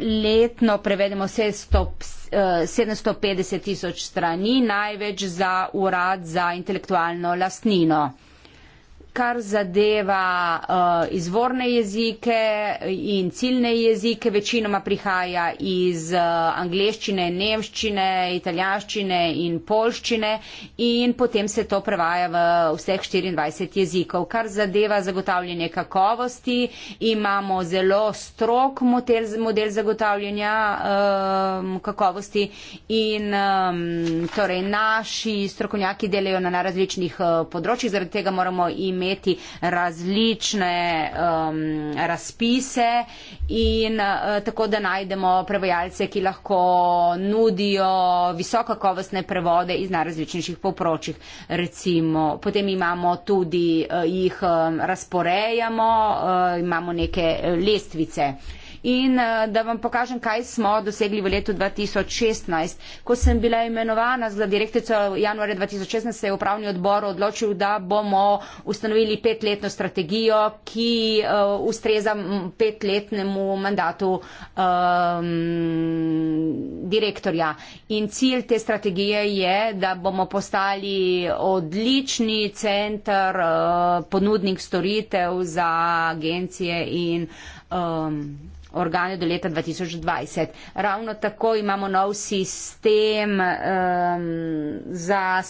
letno prevedemo 750 tisoč strani, največ za urad za intelektualno lastnino kar zadeva uh, izvorne jezike in ciljne jezike, večinoma prihaja iz uh, angleščine, nemščine, italijanščine in polščine in potem se to prevaja v vseh 24 jezikov. Kar zadeva zagotavljanje kakovosti, imamo zelo strok model, model zagotavljanja um, kakovosti in um, torej naši strokovnjaki delajo na, na različnih uh, področjih, zaradi tega moramo imeti imeti različne um, razpise in uh, tako da najdemo prevajalce, ki lahko nudijo visokakovostne prevode iz najrazličnejših popročjih. Recimo, potem imamo tudi, uh, jih uh, razporejamo, uh, imamo neke uh, lestvice. Uh, in eh, da vam pokažem, kaj smo dosegli v letu 2016. Ko sem bila imenovana za direktico januarja 2016, se je upravni odbor odločil, da bomo ustanovili petletno strategijo, ki uh, ustreza petletnemu mandatu um, direktorja. In cilj te strategije je, da bomo postali odlični centr, uh, eh, ponudnik storitev za agencije in um, organe do leta 2020. Ravno tako imamo nov sistem um, za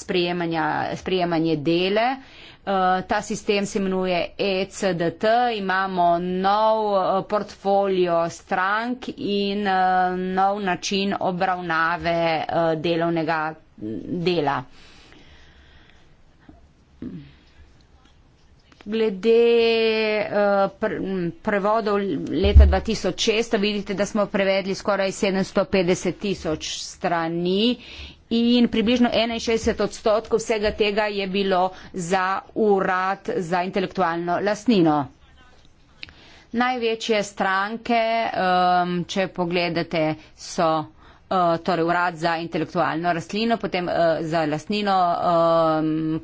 sprejemanje dele. Uh, ta sistem se imenuje ECDT, imamo nov uh, portfolio strank in uh, nov način obravnave uh, delovnega dela. Mm glede uh, pr prevodov leta 2006, vidite, da smo prevedli skoraj 750 tisoč strani in približno 61 odstotkov vsega tega je bilo za urad za intelektualno lastnino. Največje stranke, um, če pogledate, so Eh, torej urad za intelektualno rastlino, potem eh, za lastnino,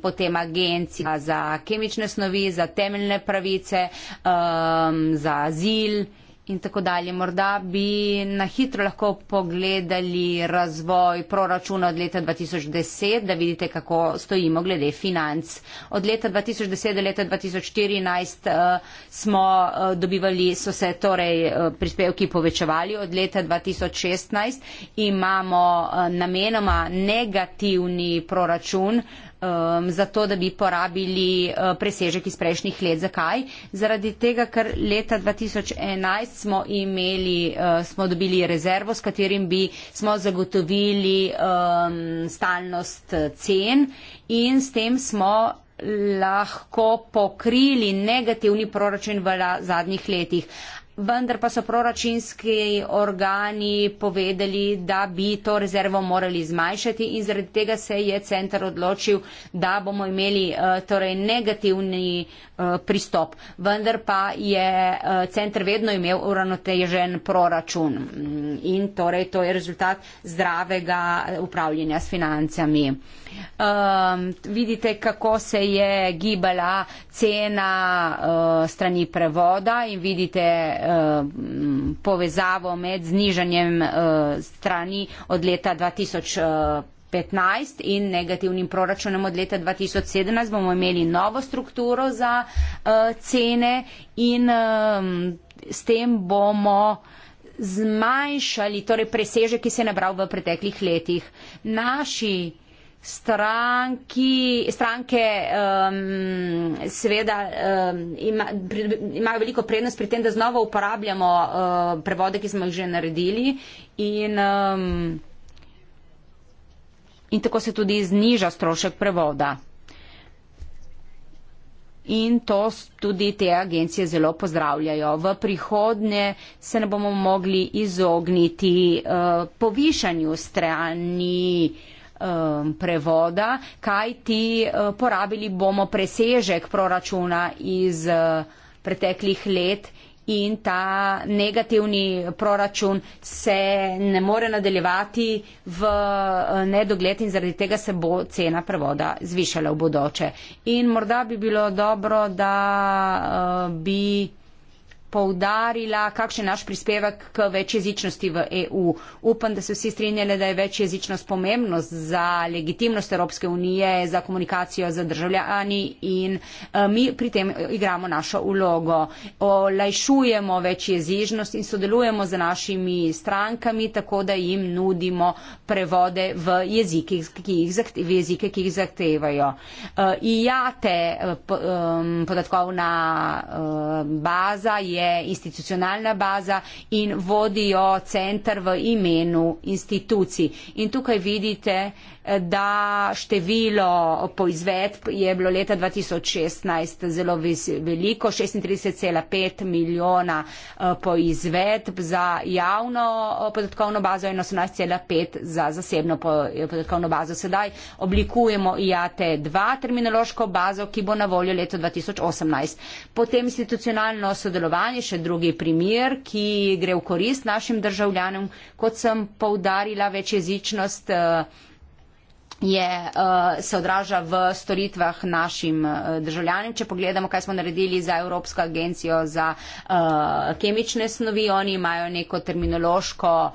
potem agencija za kemične snovi, za temeljne pravice, za azil in tako dalje. Morda bi na hitro lahko pogledali razvoj proračuna od leta 2010, da vidite, kako stojimo glede financ. Od leta 2010 do leta 2014 uh, eh, smo uh, dobivali, so se torej uh, prispevki povečevali. Od leta 2016 imamo uh, namenoma negativni proračun. Uh, um, za to, da bi porabili uh, presežek iz prejšnjih let. Zakaj? Zaradi tega, ker leta 2011 smo imeli, uh, smo dobili rezervo, s katerim bi smo zagotovili um, stalnost uh, cen in s tem smo lahko pokrili negativni proračun v zadnjih letih vendar pa so proračunski organi povedali, da bi to rezervo morali zmanjšati in zaradi tega se je centar odločil, da bomo imeli eh, torej, negativni eh, pristop. Vendar pa je eh, centar vedno imel uravnotežen proračun mm, in torej to je rezultat zdravega upravljanja s financami. Um, vidite, kako se je gibala cena uh, strani prevoda in vidite uh, Eh, povezavo med znižanjem eh, strani od leta 2015 in negativnim proračunom od leta 2017, bomo imeli novo strukturo za eh, cene in s tem bomo zmanjšali torej presežek, ki se je nabral v preteklih letih. Naši stranki, stranke um, seveda um, ima, imajo veliko prednost pri tem, da znova uporabljamo uh, prevode, ki smo jih že naredili in, um, in tako se tudi zniža strošek prevoda. In to tudi te agencije zelo pozdravljajo. V prihodnje se ne bomo mogli izogniti uh, povišanju strani uh, um, prevoda, kajti uh, porabili bomo presežek proračuna iz uh, preteklih let in ta negativni proračun se ne more nadaljevati v uh, nedogled in zaradi tega se bo cena prevoda zvišala v bodoče. In morda bi bilo dobro, da uh, bi poudarila, kakšen je naš prispevek k večjezičnosti v EU. Upam, da se vsi strinjali, da je večjezičnost pomembna za legitimnost Evropske unije, za komunikacijo z državljani in eh, mi pri tem igramo našo ulogo. Olajšujemo večjezičnost in sodelujemo z našimi strankami, tako da jim nudimo prevode v jezike, ki jih, zahte, v jezike, ki jih zahtevajo. Eh, IATE eh, podatkovna baza je je institucionalna baza in vodijo centr v imenu institucij. In tukaj vidite, da število poizvedb je bilo leta 2016 zelo veliko, 36,5 milijona eh, poizvedb za javno eh, podatkovno bazo in 18,5 za zasebno podatkovno bazo. Sedaj oblikujemo IAT2 terminološko bazo, ki bo na voljo leta 2018. Potem institucionalno sodelovanje, še drugi primer, ki gre v korist našim državljanom, kot sem poudarila, večjezičnost eh, je, eh, se odraža v storitvah našim eh, državljanim. Če pogledamo, kaj smo naredili za Evropsko agencijo za eh, kemične snovi, oni imajo neko terminološko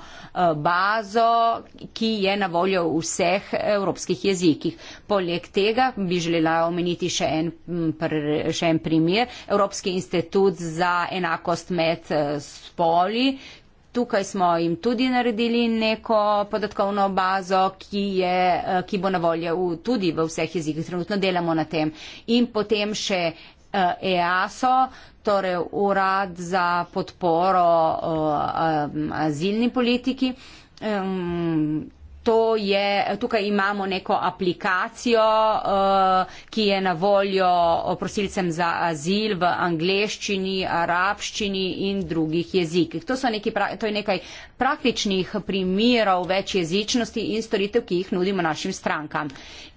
bazo, ki je na voljo v vseh evropskih jezikih. Poleg tega bi želela omeniti še en, še en primer. Evropski institut za enakost med spoli tukaj smo jim tudi naredili neko podatkovno bazo, ki, je, eh, ki bo na voljo v, tudi v vseh jezikih. Trenutno delamo na tem. In potem še EASO, eh, e torej Urad za podporo eh, azilni politiki je, tukaj imamo neko aplikacijo, eh, ki je na voljo prosilcem za azil v angleščini, arabščini in drugih jezikih. To, neki, to je nekaj praktičnih primerov večjezičnosti in storitev, ki jih nudimo našim strankam.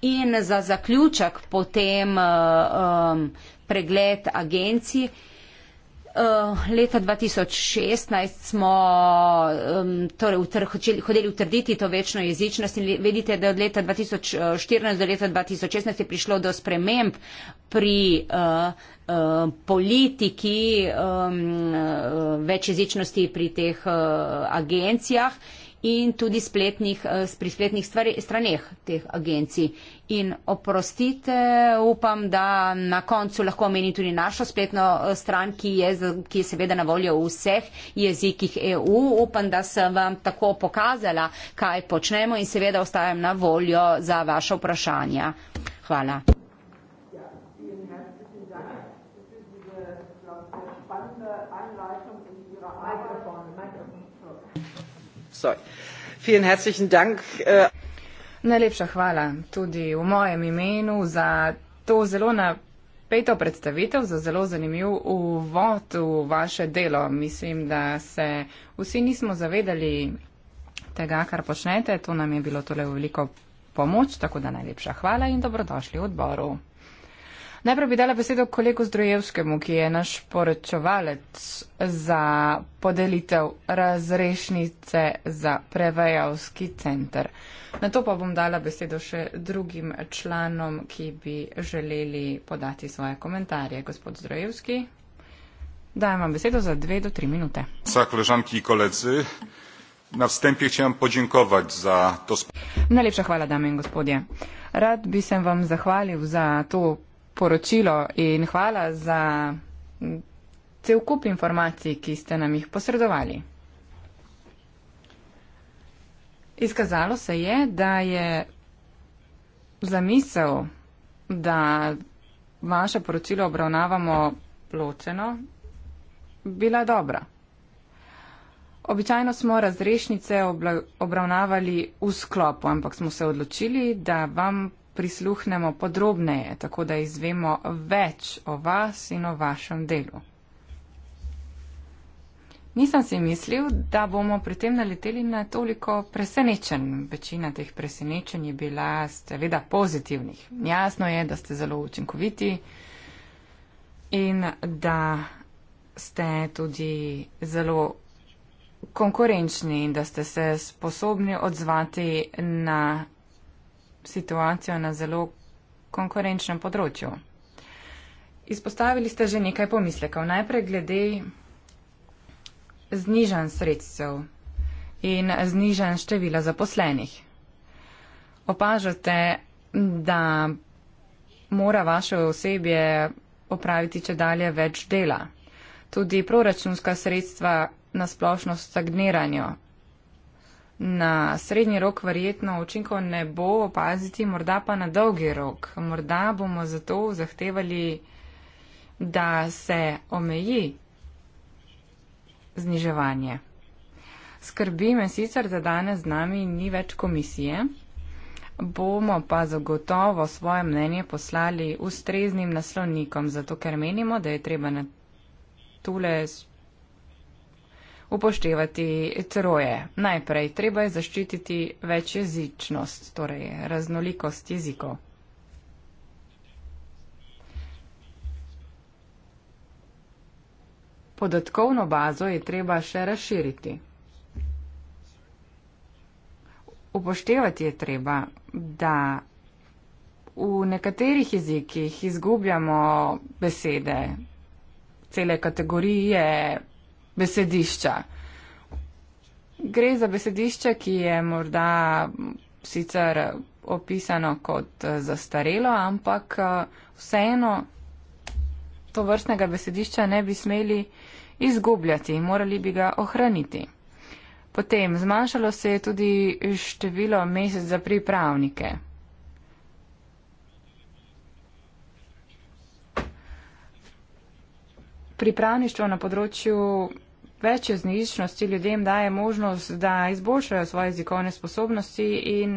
In za zaključek potem um, pregled agencije. Eh, leta 2016 smo um, torej utr, hočeli, hodeli utrditi to večno jezičnost in le, vidite, da od leta 2014 do leta 2016 je prišlo do sprememb pri uh, uh, politiki um, uh, večjezičnosti pri teh uh, agencijah. Uh, in tudi spletnih, eh, pri spletnih stvari, straneh teh agencij. In oprostite, upam, da na koncu lahko omeni tudi našo spletno eh, stran, ki je, ki je seveda na voljo v vseh jezikih EU. Upam, da sem vam tako pokazala, kaj počnemo in seveda ostajam na voljo za vaše vprašanja. Hvala. Thank ja, you. Äh, najlepša hvala tudi v mojem imenu za to zelo napeto predstavitev, za zelo zanimiv uvod v vaše delo. Mislim, da se vsi nismo zavedali tega, kar počnete. To nam je bilo tole veliko pomoč, tako da najlepša hvala in dobrodošli v odboru. Najprej bi dala besedo kolegu Zdrojevskemu, ki je naš poročevalec za podelitev razrešnice za prevajalski center. Na to pa bom dala besedo še drugim članom, ki bi želeli podati svoje komentarje. Gospod Zdrojevski, dajem vam besedo za dve do tri minute. Vsak ležanki kolegi. Na vstempi želim podžinkovati za to. Najlepša hvala, dame in gospodje. Rad bi se vam zahvalil za to poročilo in hvala za cel kup informacij, ki ste nam jih posredovali. Izkazalo se je, da je zamisel, da vaše poročilo obravnavamo ločeno, bila dobra. Običajno smo razrešnice obravnavali v sklopu, ampak smo se odločili, da vam prisluhnemo podrobneje, tako da izvemo več o vas in o vašem delu. Nisem si mislil, da bomo pri tem naleteli na toliko presenečen. Večina teh presenečenj je bila seveda pozitivnih. Jasno je, da ste zelo učinkoviti in da ste tudi zelo konkurenčni in da ste se sposobni odzvati na situacijo na zelo konkurenčnem področju. Izpostavili ste že nekaj pomislekov. Najprej glede znižanj sredstev in znižanj števila zaposlenih. Opažate, da mora vaše osebje opraviti če dalje več dela. Tudi proračunska sredstva nasplošno stagnirajo na srednji rok verjetno učinkov ne bo opaziti, morda pa na dolgi rok. Morda bomo zato zahtevali, da se omeji zniževanje. Skrbi me sicer, da danes z nami ni več komisije, bomo pa zagotovo svoje mnenje poslali ustreznim naslovnikom, zato ker menimo, da je treba na tule upoštevati troje. Najprej treba je zaščititi večjezičnost, torej raznolikost jezikov. Podatkovno bazo je treba še razširiti. Upoštevati je treba, da v nekaterih jezikih izgubljamo besede, cele kategorije, besedišča. Gre za besedišče, ki je morda sicer opisano kot eh, zastarelo, ampak eh, vseeno to vrstnega besedišča ne bi smeli izgubljati, morali bi ga ohraniti. Potem zmanjšalo se je tudi število mesec za pripravnike, pripravništvo na področju večje znižnosti ljudem daje možnost, da izboljšajo svoje jezikovne sposobnosti in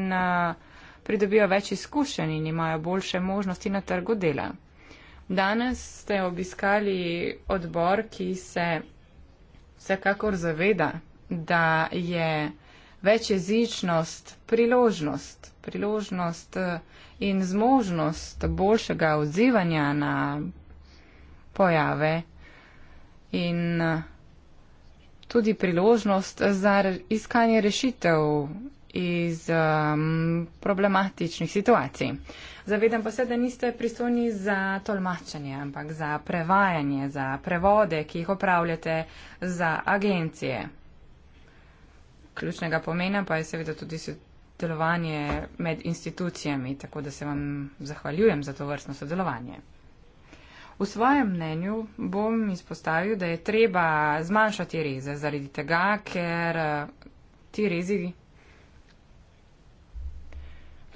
pridobijo več izkušenj in imajo boljše možnosti na trgu dela. Danes ste obiskali odbor, ki se vsekakor zaveda, da je večjezičnost priložnost, priložnost in zmožnost boljšega odzivanja na pojave in eh, tudi priložnost za iskanje rešitev iz um, problematičnih situacij. Zavedam pa se, da niste pristojni za tolmačenje, ampak za prevajanje, za prevode, ki jih opravljate za agencije. Ključnega pomena pa je seveda tudi sodelovanje med institucijami, tako da se vam zahvaljujem za to vrstno sodelovanje. V svojem mnenju bom izpostavil, da je treba zmanjšati reze zaradi tega, ker eh, ti rezi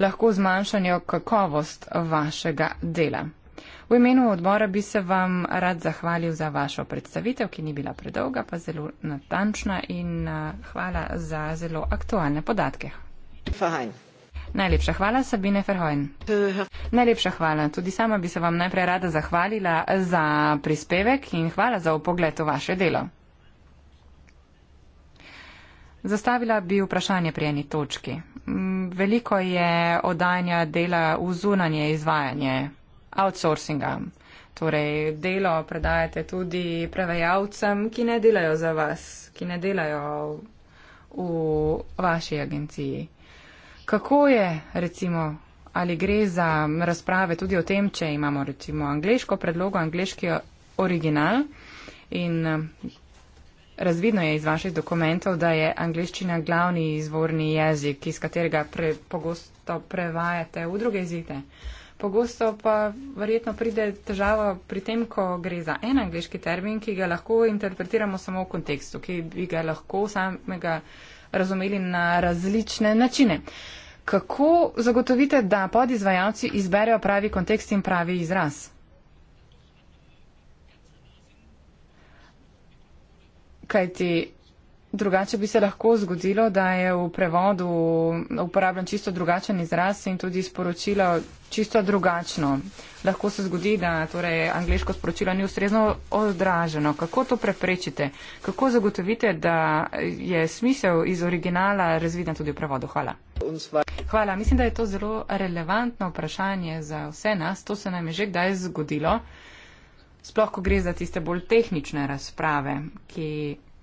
lahko zmanjšanjo kakovost vašega dela. V imenu odbora bi se vam rad zahvalil za vašo predstavitev, ki ni bila predolga, pa zelo natančna in eh, hvala za zelo aktualne podatke. Fine. Najlepša hvala, Sabine Ferhojn. Najlepša hvala. Tudi sama bi se vam najprej rada zahvalila za prispevek in hvala za upogled v vaše delo. Zastavila bi vprašanje pri eni točki. Mm, veliko je oddajanja dela v zunanje izvajanje, outsourcinga. Torej, delo predajate tudi prevajalcem, ki ne delajo za vas, ki ne delajo v vaši agenciji. Kako je, recimo, ali gre za razprave tudi o tem, če imamo, recimo, angliško predlogo, angliški original in eh, razvidno je iz vaših dokumentov, da je angliščina glavni izvorni jezik, iz katerega pre, pogosto prevajate v druge jezike. Pogosto pa verjetno pride težava pri tem, ko gre za en angliški termin, ki ga lahko interpretiramo samo v kontekstu, ki bi ga lahko samega razumeli na različne načine. Kako zagotovite, da podizvajalci izberejo pravi kontekst in pravi izraz? Kajti Drugače bi se lahko zgodilo, da je v prevodu uporabljen čisto drugačen izraz in tudi sporočilo čisto drugačno. Lahko se zgodi, da torej angliško sporočilo ni ustrezno odraženo. Kako to preprečite? Kako zagotovite, da je smisel iz originala razviden tudi v prevodu? Hvala. Hvala. Mislim, da je to zelo relevantno vprašanje za vse nas. To se nam je že kdaj zgodilo. Sploh, ko gre za tiste bolj tehnične razprave, ki.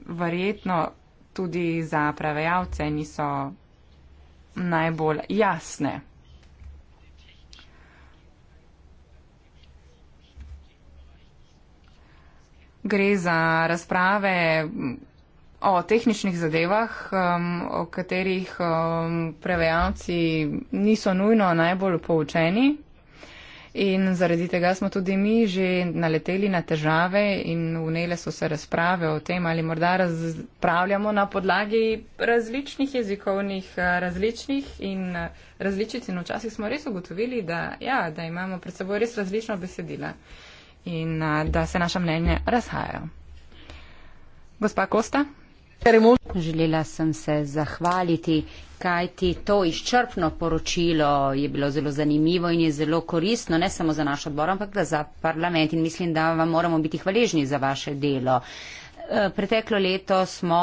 Verjetno tudi za prevajalce niso najbolj jasne. Gre za razprave o tehničnih zadevah, um, o katerih um, prevajalci niso nujno najbolj poučeni. In zaradi tega smo tudi mi že naleteli na težave in vnele so se razprave o tem, ali morda razpravljamo na podlagi različnih jezikovnih eh, različnih in eh, različic. In včasih smo res ugotovili, da, ja, da imamo pred seboj res različno besedila in eh, da se naša mnenja razhajajo. Gospa Kosta? Želela sem se zahvaliti kajti to izčrpno poročilo je bilo zelo zanimivo in je zelo koristno, ne samo za naš odbor, ampak za parlament in mislim, da vam moramo biti hvaležni za vaše delo. E, preteklo leto smo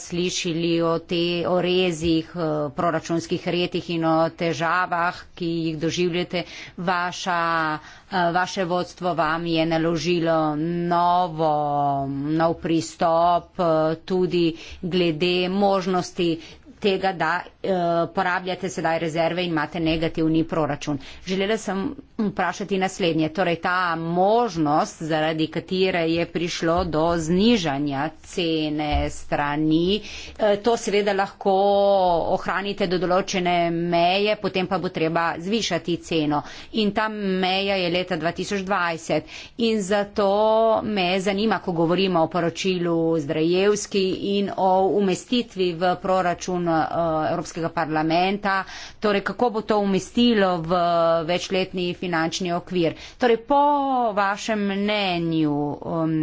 slišali o te orezih, e, proračunskih retih in o težavah, ki jih doživljate. Vaša, e, vaše vodstvo vam je naložilo novo, nov pristop tudi glede možnosti tega, da uh, porabljate sedaj rezerve in imate negativni proračun. Želela sem vprašati naslednje. Torej, ta možnost, zaradi katere je prišlo do znižanja cene strani, uh, to seveda lahko ohranite do določene meje, potem pa bo treba zvišati ceno. In ta meja je leta 2020. In zato me zanima, ko govorimo o poročilu zdrajevski in o umestitvi v proračun uh, Evropskega parlamenta, torej kako bo to umestilo v večletni finančni okvir. Torej, po vašem mnenju, um,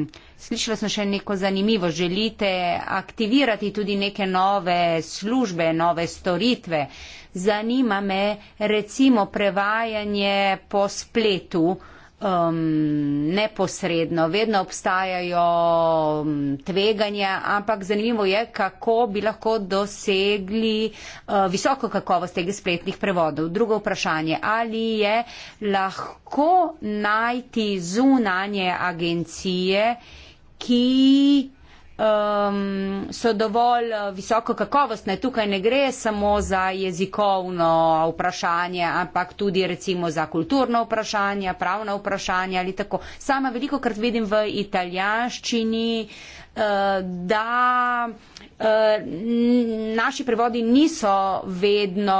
slišala sem še neko zanimivo, želite aktivirati tudi neke nove službe, nove storitve. Zanima me recimo prevajanje po spletu, um, neposredno, vedno obstajajo um, tveganja, ampak zanimivo je, kako bi lahko dosegli uh, visoko kakovost tega spletnih prevodov. Drugo vprašanje, ali je lahko najti zunanje agencije, ki um, so dovolj uh, visoko kakovostne. Tukaj ne gre samo za jezikovno vprašanje, ampak tudi recimo za kulturno vprašanje, pravno vprašanje ali tako. Sama veliko krat vidim v italijanščini, uh, da uh, naši prevodi niso vedno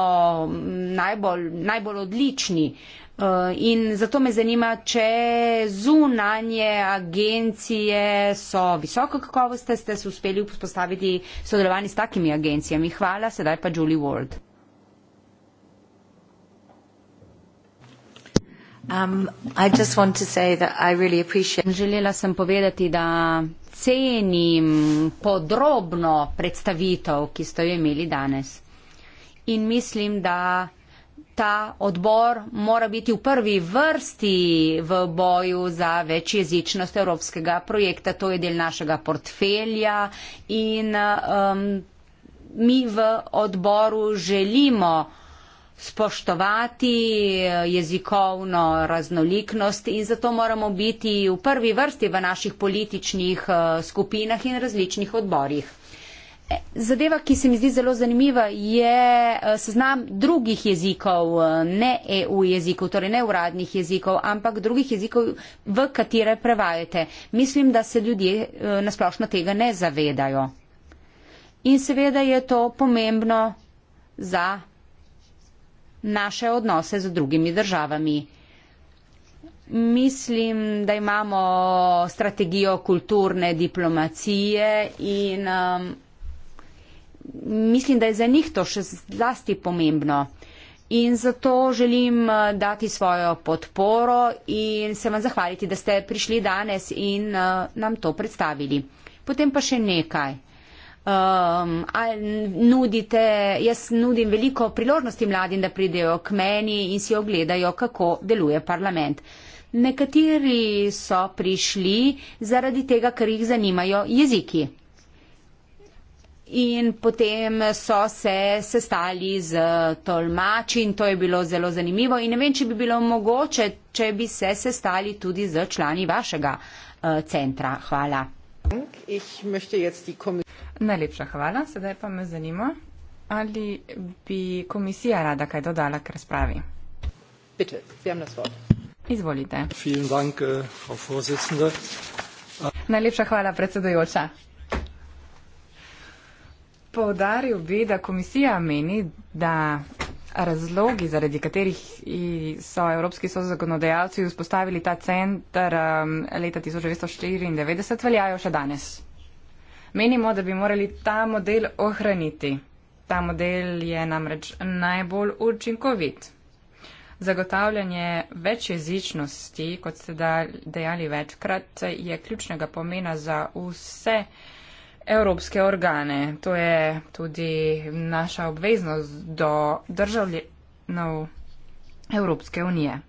najbolj, najbolj odlični. Uh, Eh, in zato me zanima, če zunanje agencije so visoko kakovoste, ste se uspeli vzpostaviti sodelovanje s takimi agencijami. Hvala, sedaj pa Julie Ward. Um, Želela sem povedati, da cenim podrobno predstavitev, ki ste jo imeli danes. In mislim, da ta odbor mora biti v prvi vrsti v boju za večjezičnost evropskega projekta, to je del našega portfelja in um, mi v odboru želimo spoštovati jezikovno raznoliknost in zato moramo biti v prvi vrsti v naših političnih uh, skupinah in različnih odborih. E, zadeva, ki se mi zdi zelo zanimiva, je e, seznam drugih jezikov, e, ne EU jezikov, torej ne uradnih jezikov, ampak drugih jezikov, v katere prevajate. Mislim, da se ljudje nasplošno tega ne zavedajo. In seveda je to pomembno za naše odnose z drugimi državami. Mislim, da imamo strategijo kulturne diplomacije in. Um, mislim, da je za njih to še zlasti pomembno. In zato želim eh, dati svojo podporo in se vam zahvaliti, da ste prišli danes in eh, nam to predstavili. Potem pa še nekaj. Um, nudite, jaz nudim veliko priložnosti mladim, da pridejo k meni in si ogledajo, kako deluje parlament. Nekateri so prišli zaradi tega, ker jih zanimajo jeziki in potem so se sestali z tolmači in to je bilo zelo zanimivo in ne vem, če bi bilo mogoče, če bi se sestali tudi z člani vašega uh, centra. Hvala. Najlepša hvala, sedaj pa me zanima, ali bi komisija rada kaj dodala k razpravi. Bitte, Izvolite. Dank, uh, Frau Najlepša hvala, predsedujoča. Poudaril bi, da komisija meni, da razlogi, zaradi katerih so evropski sozakonodajalci vzpostavili ta centr um, leta 1994, veljajo še danes. Menimo, da bi morali ta model ohraniti. Ta model je namreč najbolj učinkovit. Zagotavljanje večjezičnosti, kot ste dejali večkrat, je ključnega pomena za vse evropske organe. To je tudi naša obveznost do državljanov Evropske unije.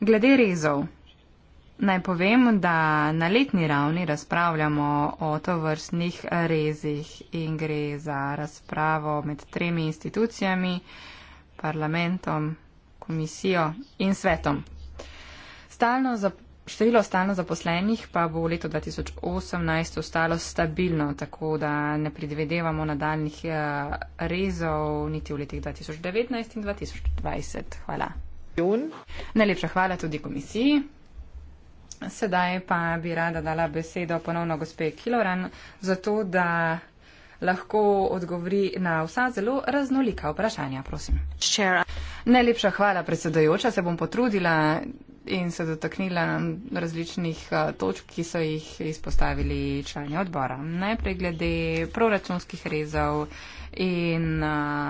Glede rezov. Naj povem, da na letni ravni razpravljamo o tovrstnih rezih in gre za razpravo med tremi institucijami, parlamentom, komisijo in svetom. Stalno zaprašujemo. Število stalno zaposlenih pa bo v letu 2018 ostalo stabilno, tako da ne predvedevamo nadaljnih eh, rezov niti v letih 2019 in 2020. Hvala. Jun. Najlepša hvala tudi komisiji. Sedaj pa bi rada dala besedo ponovno gospe Kiloran, zato da lahko odgovori na vsa zelo raznolika vprašanja, prosim. Najlepša hvala, predsedajoča, se bom potrudila in se dotaknila različnih točk, ki so jih izpostavili člani odbora. Najprej glede proračunskih rezov in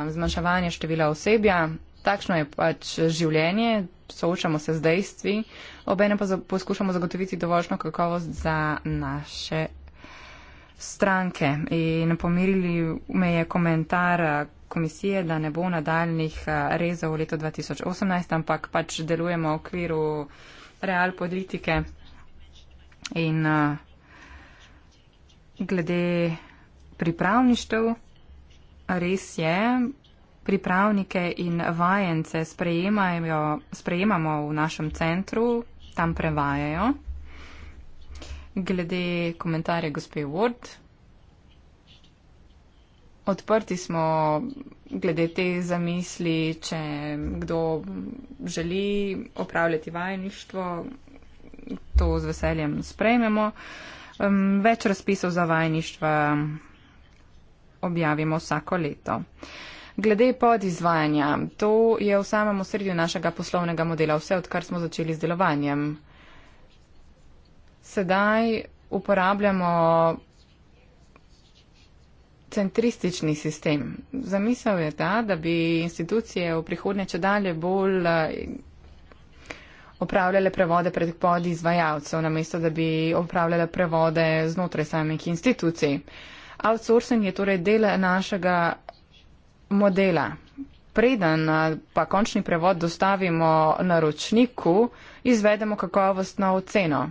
zmanjševanja števila osebja. Takšno je pač življenje, soočamo se z dejstvi, obene pa poskušamo zagotoviti dovoljšno kakovost za naše stranke. In pomirili me je komentar komisije, da ne bo nadaljnih eh, rezov v letu 2018, ampak pač delujemo v okviru real politike in eh, glede pripravništev. Res je, pripravnike in vajence sprejemamo v našem centru, tam prevajajo. Glede komentarja gospe Ward, Odprti smo glede te zamisli, če kdo želi opravljati vajništvo, to z veseljem sprejmemo. Um, več razpisov za vajništva objavimo vsako leto. Glede podizvajanja, to je v samem osredju našega poslovnega modela, vse odkar smo začeli z delovanjem. Sedaj uporabljamo centristični sistem. Zamisel je ta, da bi institucije v prihodnje če dalje bolj eh, opravljale prevode pred pod izvajalcev, namesto da bi opravljale prevode znotraj samih institucij. Outsourcing je torej del našega modela. Preden eh, pa končni prevod dostavimo naročniku, izvedemo kakovostno oceno.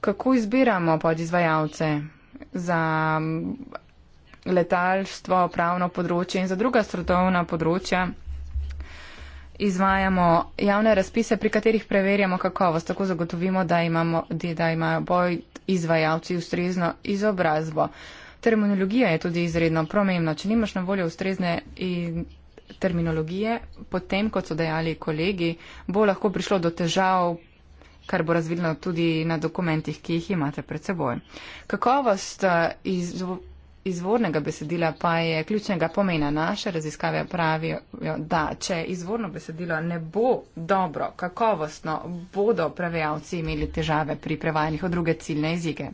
Kako izbiramo podizvajalce za letalstvo, pravno področje in za druga strokovna področja izvajamo javne razpise, pri katerih preverjamo kakovost, tako zagotovimo, da, imamo, da imajo boj izvajalci ustrezno izobrazbo. Terminologija je tudi izredno pomembna. Če nimaš na voljo ustrezne terminologije, potem, kot so dejali kolegi, bo lahko prišlo do težav, kar bo razvidno tudi na dokumentih, ki jih imate pred seboj. Kakovost eh, izobrazbo izvornega besedila pa je ključnega pomena. Naše raziskave pravijo, da če izvorno besedilo ne bo dobro, kakovostno, bodo prevajalci imeli težave pri prevajanjih v druge ciljne jezike.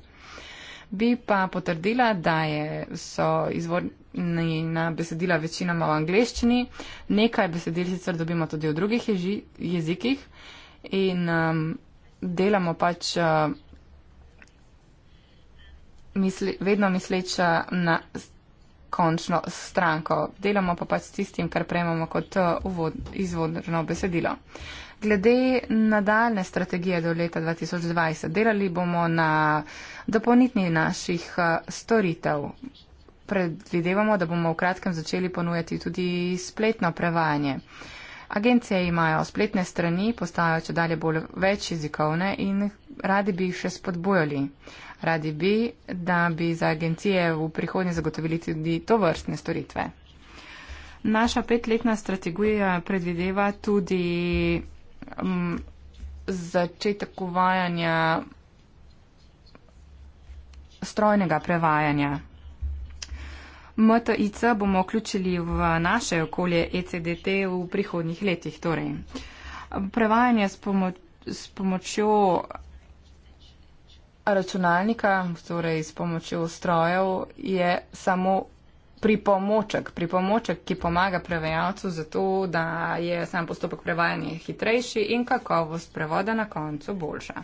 Bi pa potrdila, da je, so izvorna besedila večinoma v angleščini, nekaj besedil sicer dobimo tudi v drugih jezikih in um, delamo pač. Uh, misli, vedno misleča na končno stranko. Delamo pa pač s tistim, kar prejmemo kot uvod, izvodno besedilo. Glede nadaljne strategije do leta 2020, delali bomo na dopolnitni naših eh, storitev. Predvidevamo, da bomo v kratkem začeli ponujati tudi spletno prevajanje. Agencije imajo spletne strani, postajajo če dalje bolj več jezikovne in radi bi jih še spodbojali radi bi, da bi za agencije v prihodnje zagotovili tudi to vrstne storitve. Naša petletna strategija predvideva tudi um, začetek uvajanja strojnega prevajanja. MTIC bomo vključili v naše okolje ECDT v prihodnjih letih. Torej. Prevajanje s, pomo s pomočjo računalnika, torej s pomočjo strojev, je samo pripomoček, pripomoček, ki pomaga prevajalcu za to, da je sam postopek prevajanja hitrejši in kakovost prevoda na koncu boljša.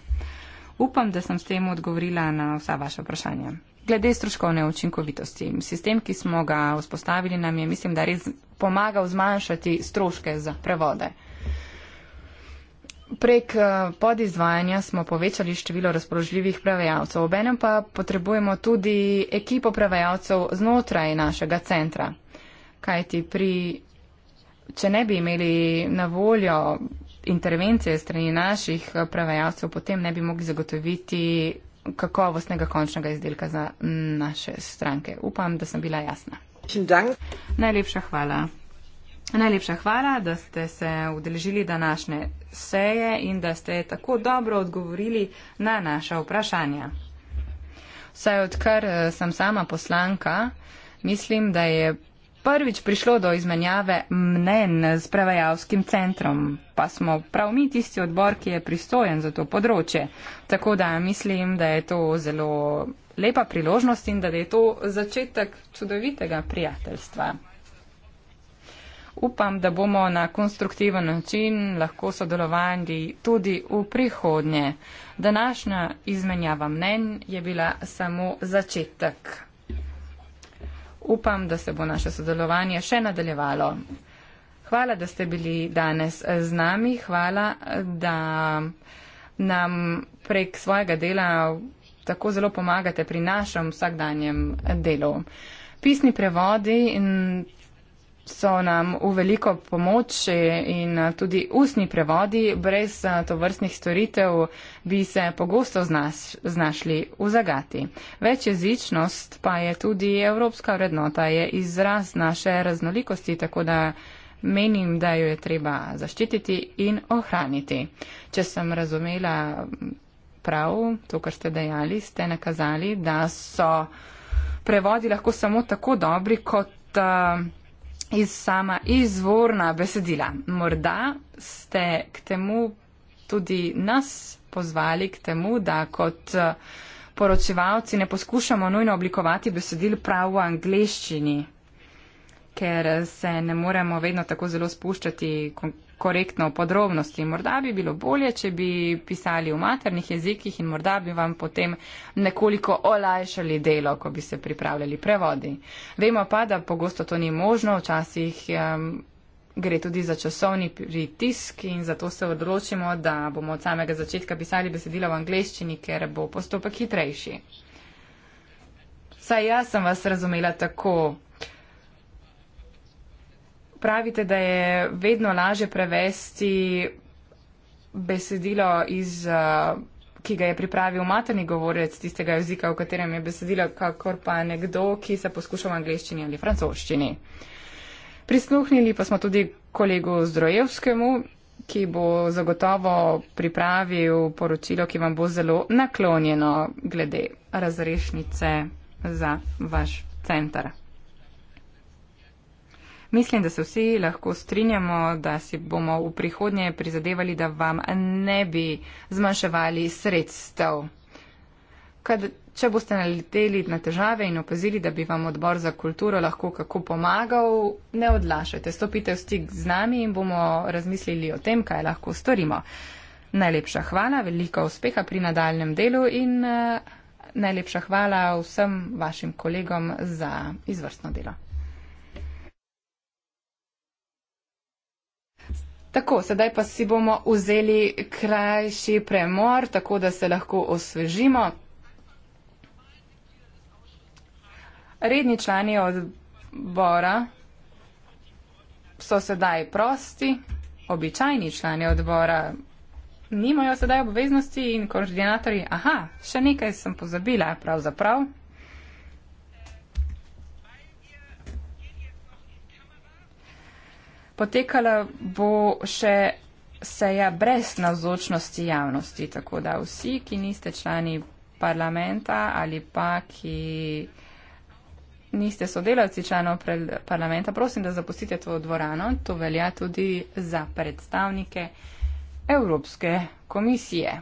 Upam, da sem s tem odgovorila na vsa vaše vprašanja. Glede stroškovne učinkovitosti, sistem, ki smo ga vzpostavili, nam je, mislim, da res pomagal zmanjšati stroške za prevode. Prek eh, podizvajanja smo povečali število razpoložljivih prevajalcev, obenem pa potrebujemo tudi ekipo prevajalcev znotraj našega centra. Kaj ti pri, če ne bi imeli na voljo intervencije strani naših eh, prevajalcev, potem ne bi mogli zagotoviti kakovostnega končnega izdelka za naše stranke. Upam, da sem bila jasna. Najlepša hvala. Najlepša hvala, da ste se udeležili današnje seje in da ste tako dobro odgovorili na naša vprašanja. Saj odkar eh, sem sama poslanka, mislim, da je prvič prišlo do izmenjave mnen z prevajalskim centrom, pa smo prav mi tisti odbor, ki je pristojen za to področje. Tako da mislim, da je to zelo lepa priložnost in da je to začetek čudovitega prijateljstva upam, da bomo na konstruktiven način lahko sodelovali tudi v prihodnje. Današnja izmenjava mnenj je bila samo začetek. Upam, da se bo naše sodelovanje še nadaljevalo. Hvala, da ste bili danes z nami. Hvala, da nam prek svojega dela tako zelo pomagate pri našem vsakdanjem delu. Pisni prevodi in so nam v veliko pomoč in eh, tudi ustni prevodi. Brez eh, tovrstnih storitev bi se pogosto znaš, znašli v zagati. Večjezičnost pa je tudi evropska vrednota, je izraz naše raznolikosti, tako da menim, da jo je treba zaščititi in ohraniti. Če sem razumela prav to, kar ste dejali, ste nakazali, da so prevodi lahko samo tako dobri kot. Uh, iz sama izvorna besedila. Morda ste k temu tudi nas pozvali, k temu, da kot eh, poročevalci ne poskušamo nujno oblikovati besedil prav v angleščini, ker se ne moremo vedno tako zelo spuščati korektno v podrobnosti. Morda bi bilo bolje, če bi pisali v maternih jezikih in morda bi vam potem nekoliko olajšali delo, ko bi se pripravljali prevodi. Vemo pa, da pogosto to ni možno, včasih um, gre tudi za časovni pritisk in zato se odločimo, da bomo od samega začetka pisali besedila v angleščini, ker bo postopek hitrejši. Saj jaz sem vas razumela tako, pravite, da je vedno laže prevesti besedilo iz. Uh, ki ga je pripravil materni govorec tistega jezika, v katerem je besedilo, kakor pa nekdo, ki se poskuša v angliščini ali francoščini. Prisluhnili pa smo tudi kolegu Zdrojevskemu, ki bo zagotovo pripravil poročilo, ki vam bo zelo naklonjeno glede razrešnice za vaš centar. Mislim, da se vsi lahko strinjamo, da si bomo v prihodnje prizadevali, da vam ne bi zmanjševali sredstev. Kad, če boste naleteli na težave in opazili, da bi vam odbor za kulturo lahko kako pomagal, ne odlašajte. Stopite v stik z nami in bomo razmislili o tem, kaj lahko storimo. Najlepša hvala, veliko uspeha pri nadaljem delu in uh, najlepša hvala vsem vašim kolegom za izvrstno delo. Tako, sedaj pa si bomo vzeli krajši premor, tako da se lahko osvežimo. Redni člani odbora so sedaj prosti, običajni člani odbora nimajo sedaj obveznosti in koordinatorji. Aha, še nekaj sem pozabila, pravzaprav. Potekala bo še seja brez navzočnosti javnosti, tako da vsi, ki niste člani parlamenta ali pa ki niste sodelavci članov parlamenta, prosim, da zapustite to dvorano. To velja tudi za predstavnike Evropske komisije.